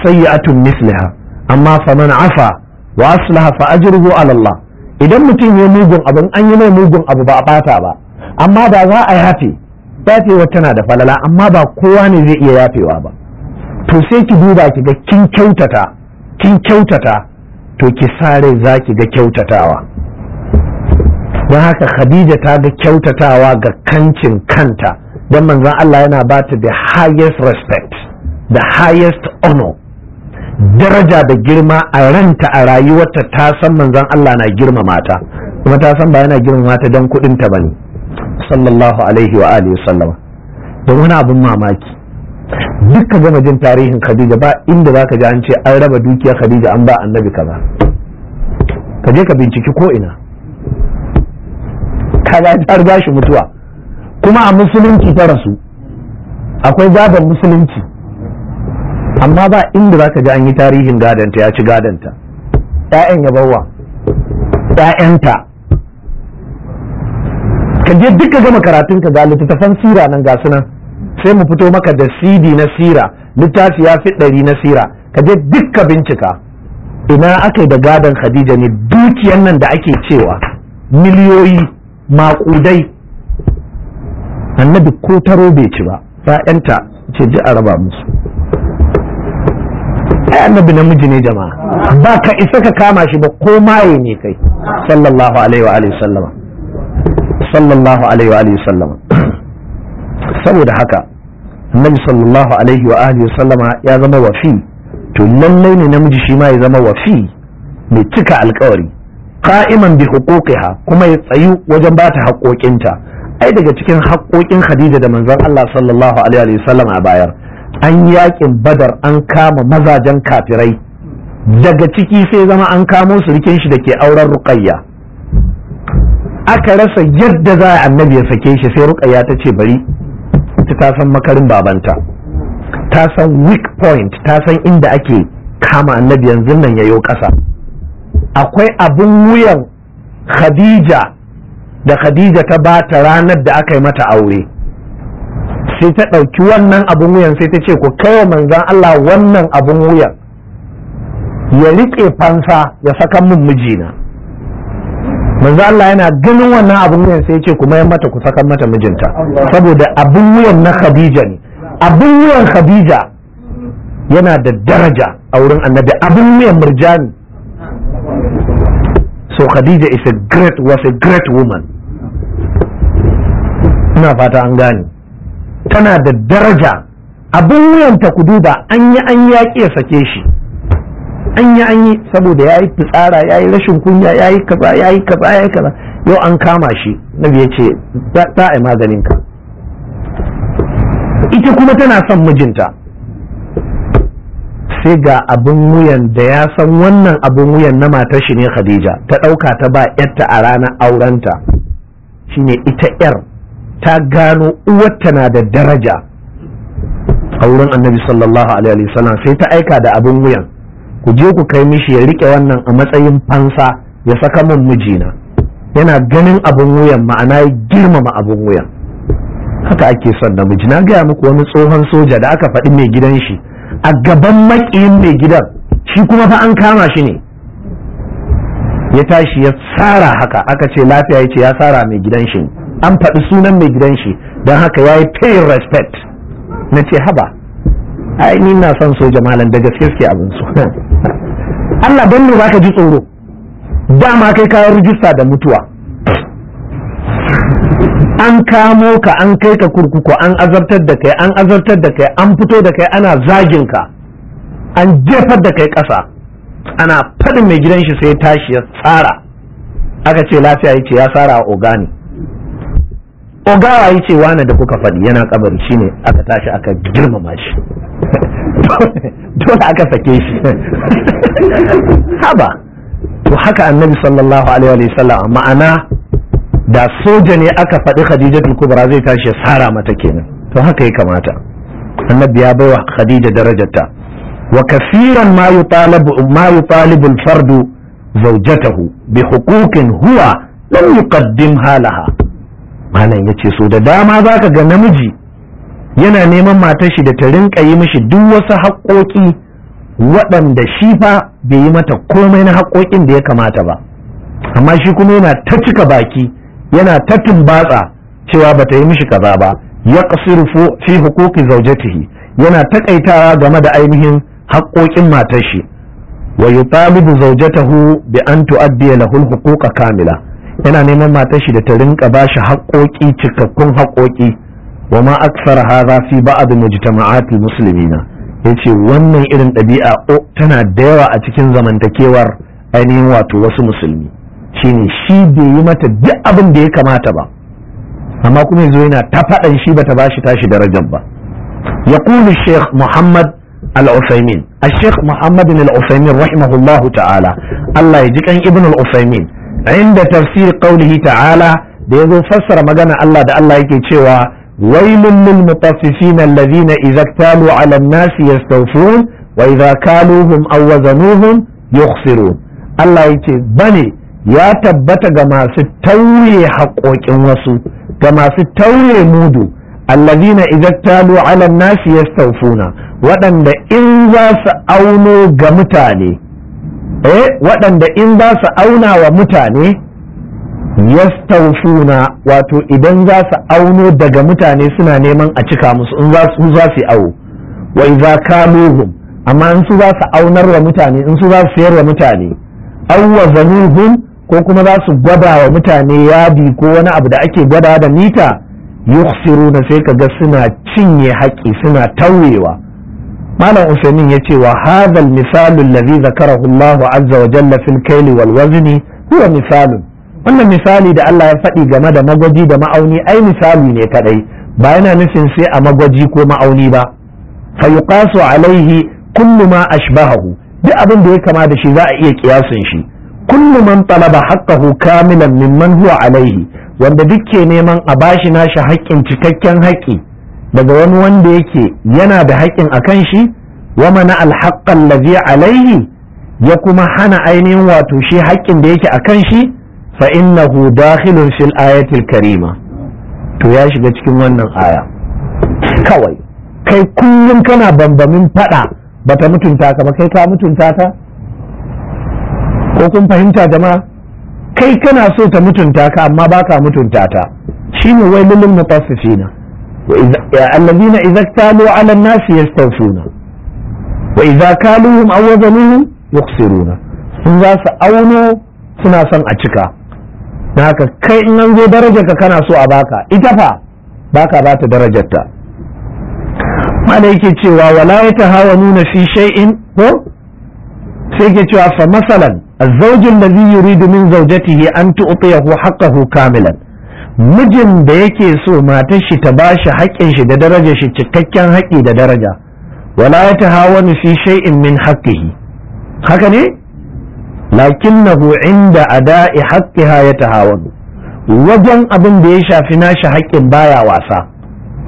sayi atun misliha amma man afa wa aslaha fa ajruhu ala Allah idan mutum ya mugun abin an yi mai mugun abu ba a bata ba amma da za a yafe yafewa tana da falala amma ba kowa ne zai iya yafewa ba to sai ki duba ki ga kin kyautata kin kyautata to ki sare za ki ga kyautatawa don haka khadija ta ga kyautatawa ga kancin kanta don manzan Allah yana ba ta the highest respect the highest honor daraja da girma a ranta a rayuwarta ta san manzan Allah na girmama ta kuma ta san ba yana girmama ta don kudinta ba ne sallallahu alaihi wa alihi sallama don wani abun mamaki duk ka gama jin tarihin khadija ba inda za ka ji an ce an raba dukiyar khadija an ba annabi kaza ka je ka binciki ko ina Ka har ba shi mutuwa kuma a musulunci ta rasu akwai gadon musulunci amma ba inda za ka ji an yi tarihin gadonta ya ci gadonta ‘ya'yan ya bawa ‘ya'yanta ka je duka gama karatun ka ga littattafan sira nan ga sunan sai mu fito maka da cd na sira littafi ya fi ɗari na sira ka je dukka bincika ina aka yi da gadon khadija ne dukiyan nan da ake cewa miliyoyi maƙudai annabi ko taro bai ci ba ‘ya'yanta ce ji a raba musu ai annabi namiji ne jama'a ba ka isa ka kama shi ba ko maye ne kai sallallahu alaihi wa alihi sallama sallallahu alaihi wa alihi sallama saboda haka annabi sallallahu alaihi wa alihi sallama ya zama wafi to lallai ne namiji shi ma ya zama wafi mai cika alkawari qa'iman bi huquqiha kuma ya tsayu wajen bata haƙoƙinta ai daga cikin haƙoƙin Khadija da manzon Allah sallallahu alaihi wa a bayar an yakin Badar an kama mazajen kafirai daga ciki sai zama an kamo surukin shi da ke auren Ruqayya aka rasa yadda za a annabi ya sake shi sai Ruqayya ta ce bari ita ta san makarin babanta ta san weak point ta san inda ake kama annabi yanzu nan yayo ƙasa akwai abin wuyan khadija da khadija ta bata ranar da aka yi mata aure sai ta ɗauki wannan abin wuyan sai ta ce ku kai wa manzan Allah wannan abin wuyan ya riƙe fansa ya saka min mijina manzo Allah yana ganin wannan abin wuyan sai yace ku mayar mata ku saka mata mijinta saboda abin wuyan na Khadija ne abin wuyan Khadija yana da daraja a wurin annabi abin wuyan murjani so Khadija is a great was a great woman ina fata an gane tana da daraja abin wuyanta ku duba an yi an yaƙi ya sake shi an yi an yi saboda ya yi tsara ya yi rashin kunya ya yi kaza ya yi kaza ya yi kaza yau an kama shi na biya ce za maganin ka ita kuma tana son mijinta sai ga abin wuyan da ya san wannan abin wuyan na matar shi ne khadija ta ɗauka ta ba yarta a ranar aurenta shine ita yar ta gano uwarta na da daraja a wurin annabi sallallahu alaihi wasallam sai ta aika da abin wuyan ku je ku kai mishi ya rike wannan a matsayin fansa ya saka min mijina yana ganin abun wuyan ma'ana ya girmama abun wuyan haka ake son namiji na gaya muku wani tsohon soja da aka faɗi mai gidan shi a gaban makiyin mai gidan shi kuma fa an kama shi ne ya tashi ya tsara haka aka ce lafiya ya ce ya tsara mai gidan shi an faɗi sunan mai gidan shi don haka ya yi pay respect na ce haba ai ni na son soja malam da gaske suke abin su Allah ban ba ka ji tsoro dama kai kayan rijista da mutuwa an kamo ka an kai ka kurkuku an azartar da kai an azartar da kai an fito da kai ana zagin ka an jefar da kai ƙasa ana faɗin mai gidan shi sai tashi ya tsara aka ce lafiya ya ya tsara a ogani ogawa ya ce wani da kuka faɗi yana kabari ne aka tashi aka girmama shi dole aka sake shi haba to haka annabi sallallahu alaihi ma'ana da soja ne aka faɗi Khadija kubra zai tashi ya mata kenan to haka ya kamata annabi ya baiwa khadija darajarta wa kafiran ma yutalabu ma yutalibu al-fardu zawjatahu bi huquqin huwa lam yuqaddimha laha malam ya ce so da dama za ka ga namiji yana neman matar shi da ta rinka yi mishi duk wasu haƙoƙi waɗanda shi fa bai yi mata komai na haƙoƙin da ya kamata ba amma shi kuma yana ta cika baki yana ta tumbatsa cewa ba ta yi mishi kaza ba ya kasiru fi hukuki zaujatihi yana taƙaitawa game da ainihin haƙoƙin matar shi wa yutalibu zaujatahu bi an tu'addiya lahul huquqa kamila yana neman matar shi da ta rinka ba shi haƙoƙi cikakkun haƙoƙi wa ma aksar hadha fi ba'd mujtama'atil muslimina yace wannan irin ɗabi'a tana da yawa a cikin zamantakewar ainihin wato wasu musulmi shine shi bai yi mata duk abin da ya kamata ba amma kuma yanzu yana ta faɗan shi bata bashi tashi darajar ba yaqulu sheikh muhammad al A al-sheikh muhammad al-usaymin rahimahullahu ta'ala Allah ya ji kan ibn al-usaymin inda tafsirin qaulihi ta'ala da ya zo fassara magana Allah da Allah yake cewa wailul lil mutaffifin alladhina idza talu 'ala an-nasi yastawfun wa idza kaluhum aw wazanuhum yukhsirun Allah yake bane ya tabbata ga masu tauye haƙoƙin wasu ga masu tauye mudu allazina idza talu 'ala an-nasi yastawfuna waɗanda in za su auno ga mutane eh waɗanda in za su auna wa mutane ya yastawfuna wato idan za su auno daga mutane suna neman a cika musu in za su za su awo wa idza amma in su za su aunar wa mutane in su za su sayar wa mutane aw wazanuhum ko kuma za su gwada wa mutane yadi ko wani abu da ake gwada da mita yukhsiruna sai ka ga suna cinye haƙi suna tauyewa malam usaimin ya ce wa hadal misalin lazi zakarahu Allah azza wa jalla fil kaili wal wazni huwa misalin wannan misali da Allah ya faɗi game da magwaji da ma'auni ai misali ne kadai ba yana nufin sai a magwaji ko ma'auni ba fa yuqasu alaihi kullu ma ashbahahu duk abin da ya kama da shi za a iya kiyasin shi kullu man talaba haqqahu kamilan mimman huwa alaihi wanda duk ke neman a bashi nashi haƙƙin cikakken haƙƙi daga wani wanda yake yana da haƙƙin a kan shi wa mana alhaqqan ladhi alaihi ya kuma hana ainihin wato shi haƙƙin da yake a kan shi fa innahu dakhilun fil ayatil karima to ya shiga cikin wannan aya kawai kai kullum kana bambamin fada bata mutunta ka ba kai ka mutunta ta ko kun fahimta jama'a kai kana so ta mutunta ka amma baka mutunta ta shine wailul mutaffifina الذين إذا اكتالوا على الناس يستوفون وإذا كالوهم أو وزنوهم يقصرون sun za su auno suna son a cika na haka kai in an zo darajaka kana so a baka ita fa baka ba darajarta yake cewa wala ta hawa nuna fi shay'in cewa fa masalan الزوج الذي يريد من زوجته أن تعطيه حقه كاملا mijin da yake so matar shi ta bashi haƙƙin shi da daraja shi cikakken haƙƙi da daraja wala ya ta hawa fi shay'in min haƙƙihi haka ne lakinnahu inda ada'i haqqiha ya ta hawa wajen abin da ya shafi nashi haƙƙin baya wasa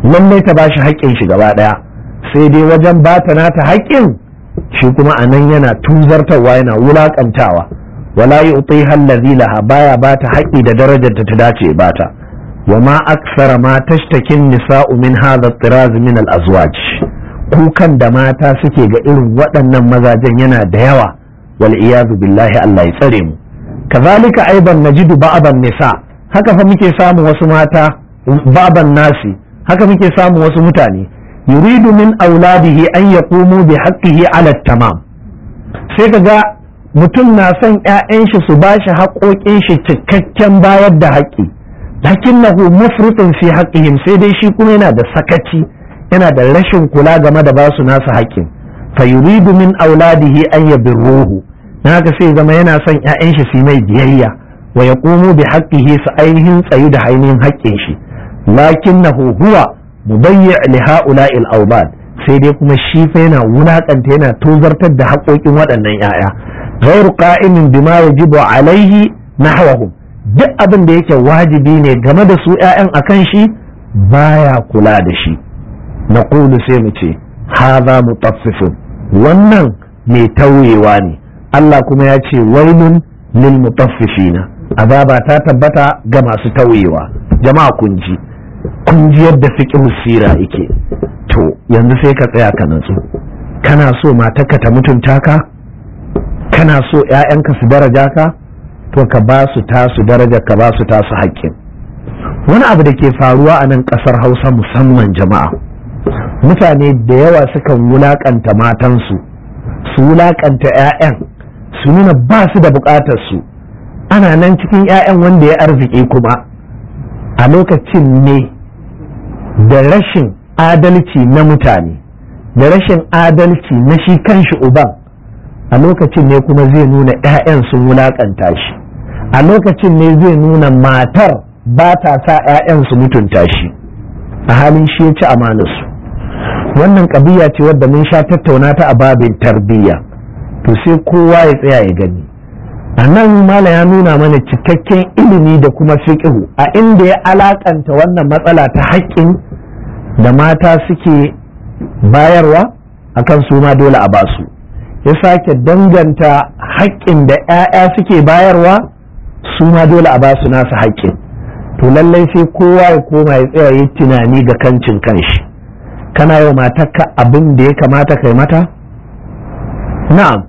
lallai ta bashi haƙƙin shi gaba ɗaya sai dai wajen bata nata haƙƙin shi kuma a nan yana tuzartarwa yana wulaƙantawa wala yu'tiha allazi laha baya bata haƙi da darajar da ta dace bata wa ma aksara ma tashtakin nisa'u min hadha tiraz min al-azwaj kukan da mata suke ga irin waɗannan mazajen yana da yawa wal iyazu billahi Allah ya tsare mu kazalika aiban najidu ba'aban nisa haka fa muke samu wasu mata baban nasi haka muke samu wasu mutane yuridu min auladihi an yaqumu bi haqqihi ala tamam sai kaga mutum na son 'ya'yan shi su ba shi haƙoƙin shi cikakken bayar da haƙƙi lakin nahu mafrutin fi haƙƙihim sai dai shi kuma yana da sakaci yana da rashin kula game da basu nasa haƙƙin fa yuridu min auladihi an ruhu na haka sai zama yana son 'ya'yan shi su mai biyayya wa komo bi he su ainihin tsayi da ainihin haƙƙin shi lakin nahu, huwa mubayyi' li Ula'il Auba, sai dai kuma shi fa yana wulaƙanta yana tozartar da haƙoƙin waɗannan 'ya'ya ghairu qa'imin bima yajibu alaihi nahwahum duk abin da yake wajibi ne game da su yayan akan shi baya kula da shi Nakulu sai mu ce hadha mutaffifun wannan mai tauyewa ne Allah kuma ya ce wailun lil mutaffifina azaba ta tabbata ga masu tauyewa jama'a kunji ji kun ji yadda fiqh sira yake to yanzu sai ka tsaya ka natsu kana so matarka ta mutunta ka kana so ‘ya'yanka su daraja ka to ka ba su tasu daraja ka ba su tasu haƙƙin wani abu da ke faruwa a nan ƙasar hausa musamman jama'a mutane da yawa sukan wulaƙanta matansu su wulaƙanta ‘ya'yan su nuna ba su da buƙatar su ana nan cikin ‘ya'yan wanda ya arziki kuma a lokacin ne da rashin adalci na mutane da rashin adalci na shi kanshi uban a lokacin ne kuma zai nuna 'ya'yan sun wulaƙanta shi a lokacin ne zai nuna matar ba ta sa 'ya'yan su mutunta shi a halin shi ya ci su wannan ƙabiya ce wadda mun sha tattauna ta a babin tarbiyya to sai kowa ya tsaya ya gani a nan mala ya nuna mana cikakken ilimi da kuma fiƙihu a inda ya alaƙanta wannan matsala ta haƙƙin da mata suke bayarwa akan su ma dole a basu ya sake danganta haƙƙin da 'ya'ya suke bayarwa su ma dole a ba su nasu haƙƙin to lallai sai kowa ya koma ya tsaya ya tunani ga kancin kanshi kana yau matarka abin da ya kamata kai mata na'am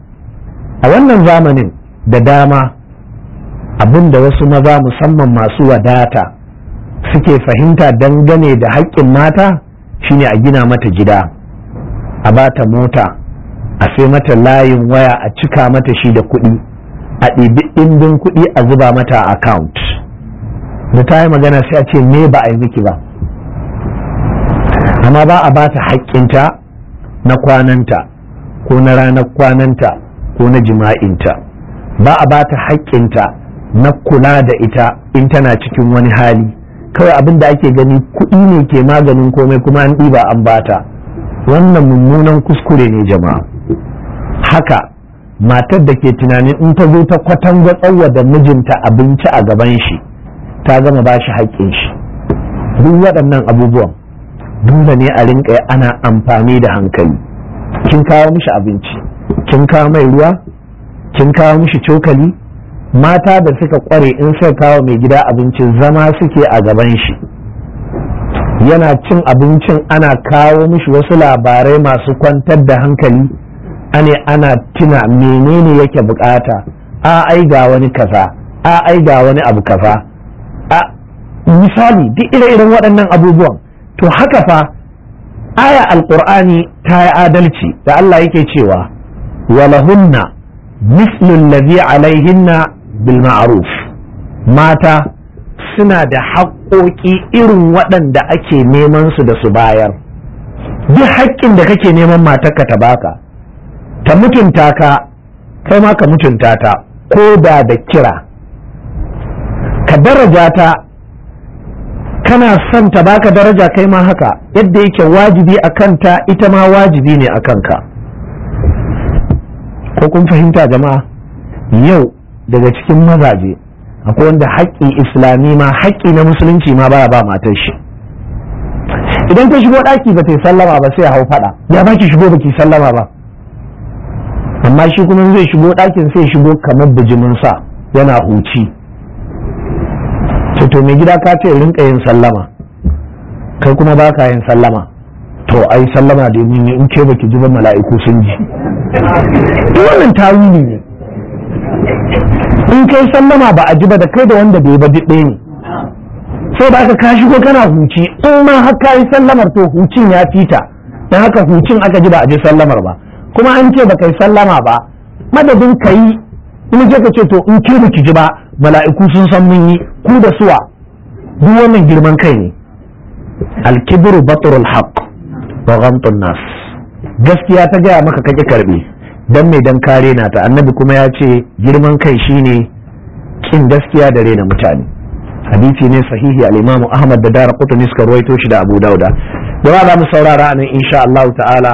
a wannan zamanin da dama abin da wasu maza musamman masu wadata suke fahimta dangane da haƙƙin mata shine a gina mata gida a bata mota a sai mata layin waya a cika mata shi da kuɗi a ɗibi ɗindin kuɗi a zuba mata akawunt. account da ta yi magana sai a ce me ba a yi miki ba amma ba a ba ta haƙƙinta na kwananta ko na ranar kwananta ko na jima'inta ba a ba ta haƙƙinta na kula da ita in tana cikin wani hali kawai abin da ake gani kuɗi ne ke maganin komai kuma an ɗiba an bata wannan mummunan kuskure ne jama'a haka matar da ke tunanin in ta zo ta kwatanga tsawwa da mijinta abinci a gaban shi ta gama ba shi haƙƙin shi duk waɗannan abubuwan dole ne a rinka ana amfani da hankali kin kawo mishi abinci kin kawo mai ruwa kin kawo mishi cokali mata da suka kware in suka kawo mai gida abinci zama suke a gaban shi yana cin abincin ana kawo mishi wasu labarai masu kwantar da hankali ane ana tuna menene yake bukata a ai ga wani kaza a ai ga wani abu kaza a misali duk ire-iren waɗannan abubuwan to haka fa aya alqur'ani ta yi adalci da Allah yake cewa walahunna mislul alladhi alaihinna bil ma'ruf mata suna da haƙoƙi irin waɗanda ake neman su da su bayar duk haƙƙin da kake neman matarka ta baka ta mutunta ka kai ma ka mutunta ta ko da da kira ka daraja ta kana son ta baka daraja kai ma haka yadda yake wajibi a kanta ita ma wajibi ne a kanka ko kun fahimta jama'a yau daga cikin mazaje akwai wanda haƙƙi islami ma haƙƙi na musulunci ma baya ba matar shi idan ta shigo ɗaki ba ta yi sallama ba sai ya hau faɗa ya baki shigo baki sallama ba amma shi kuma zai shigo ɗakin sai shigo kamar bijiminsa yana huci to mai gida ka ce rinka yin sallama kai kuma ba ka yin sallama to ai sallama da yi in ke ba ki jiba mala'iku sun ji wannan tawili ne in kai sallama ba a ji ba da kai da wanda bai ba ɗaya ne sai ba ka shigo kana huci in ma har ka yi sallamar to hucin ya fita dan haka hucin aka ji ba a ji sallamar ba kuma an ce baka yi sallama ba madadin ka yi kuma je ka ce to in ba ki ji ba mala'iku sun san mun yi ku da suwa duk wannan girman kai ne alkibiru batrul haqq wa ghamtun nas gaskiya ta gaya maka kake karbe dan mai dan kare na ta annabi kuma ya ce girman kai shine kin gaskiya da rena mutane hadisi ne sahihi al imamu Ahmad da qutni suka ruwaito shi da Abu Dauda. Da za mu saurara nan insha Allah ta'ala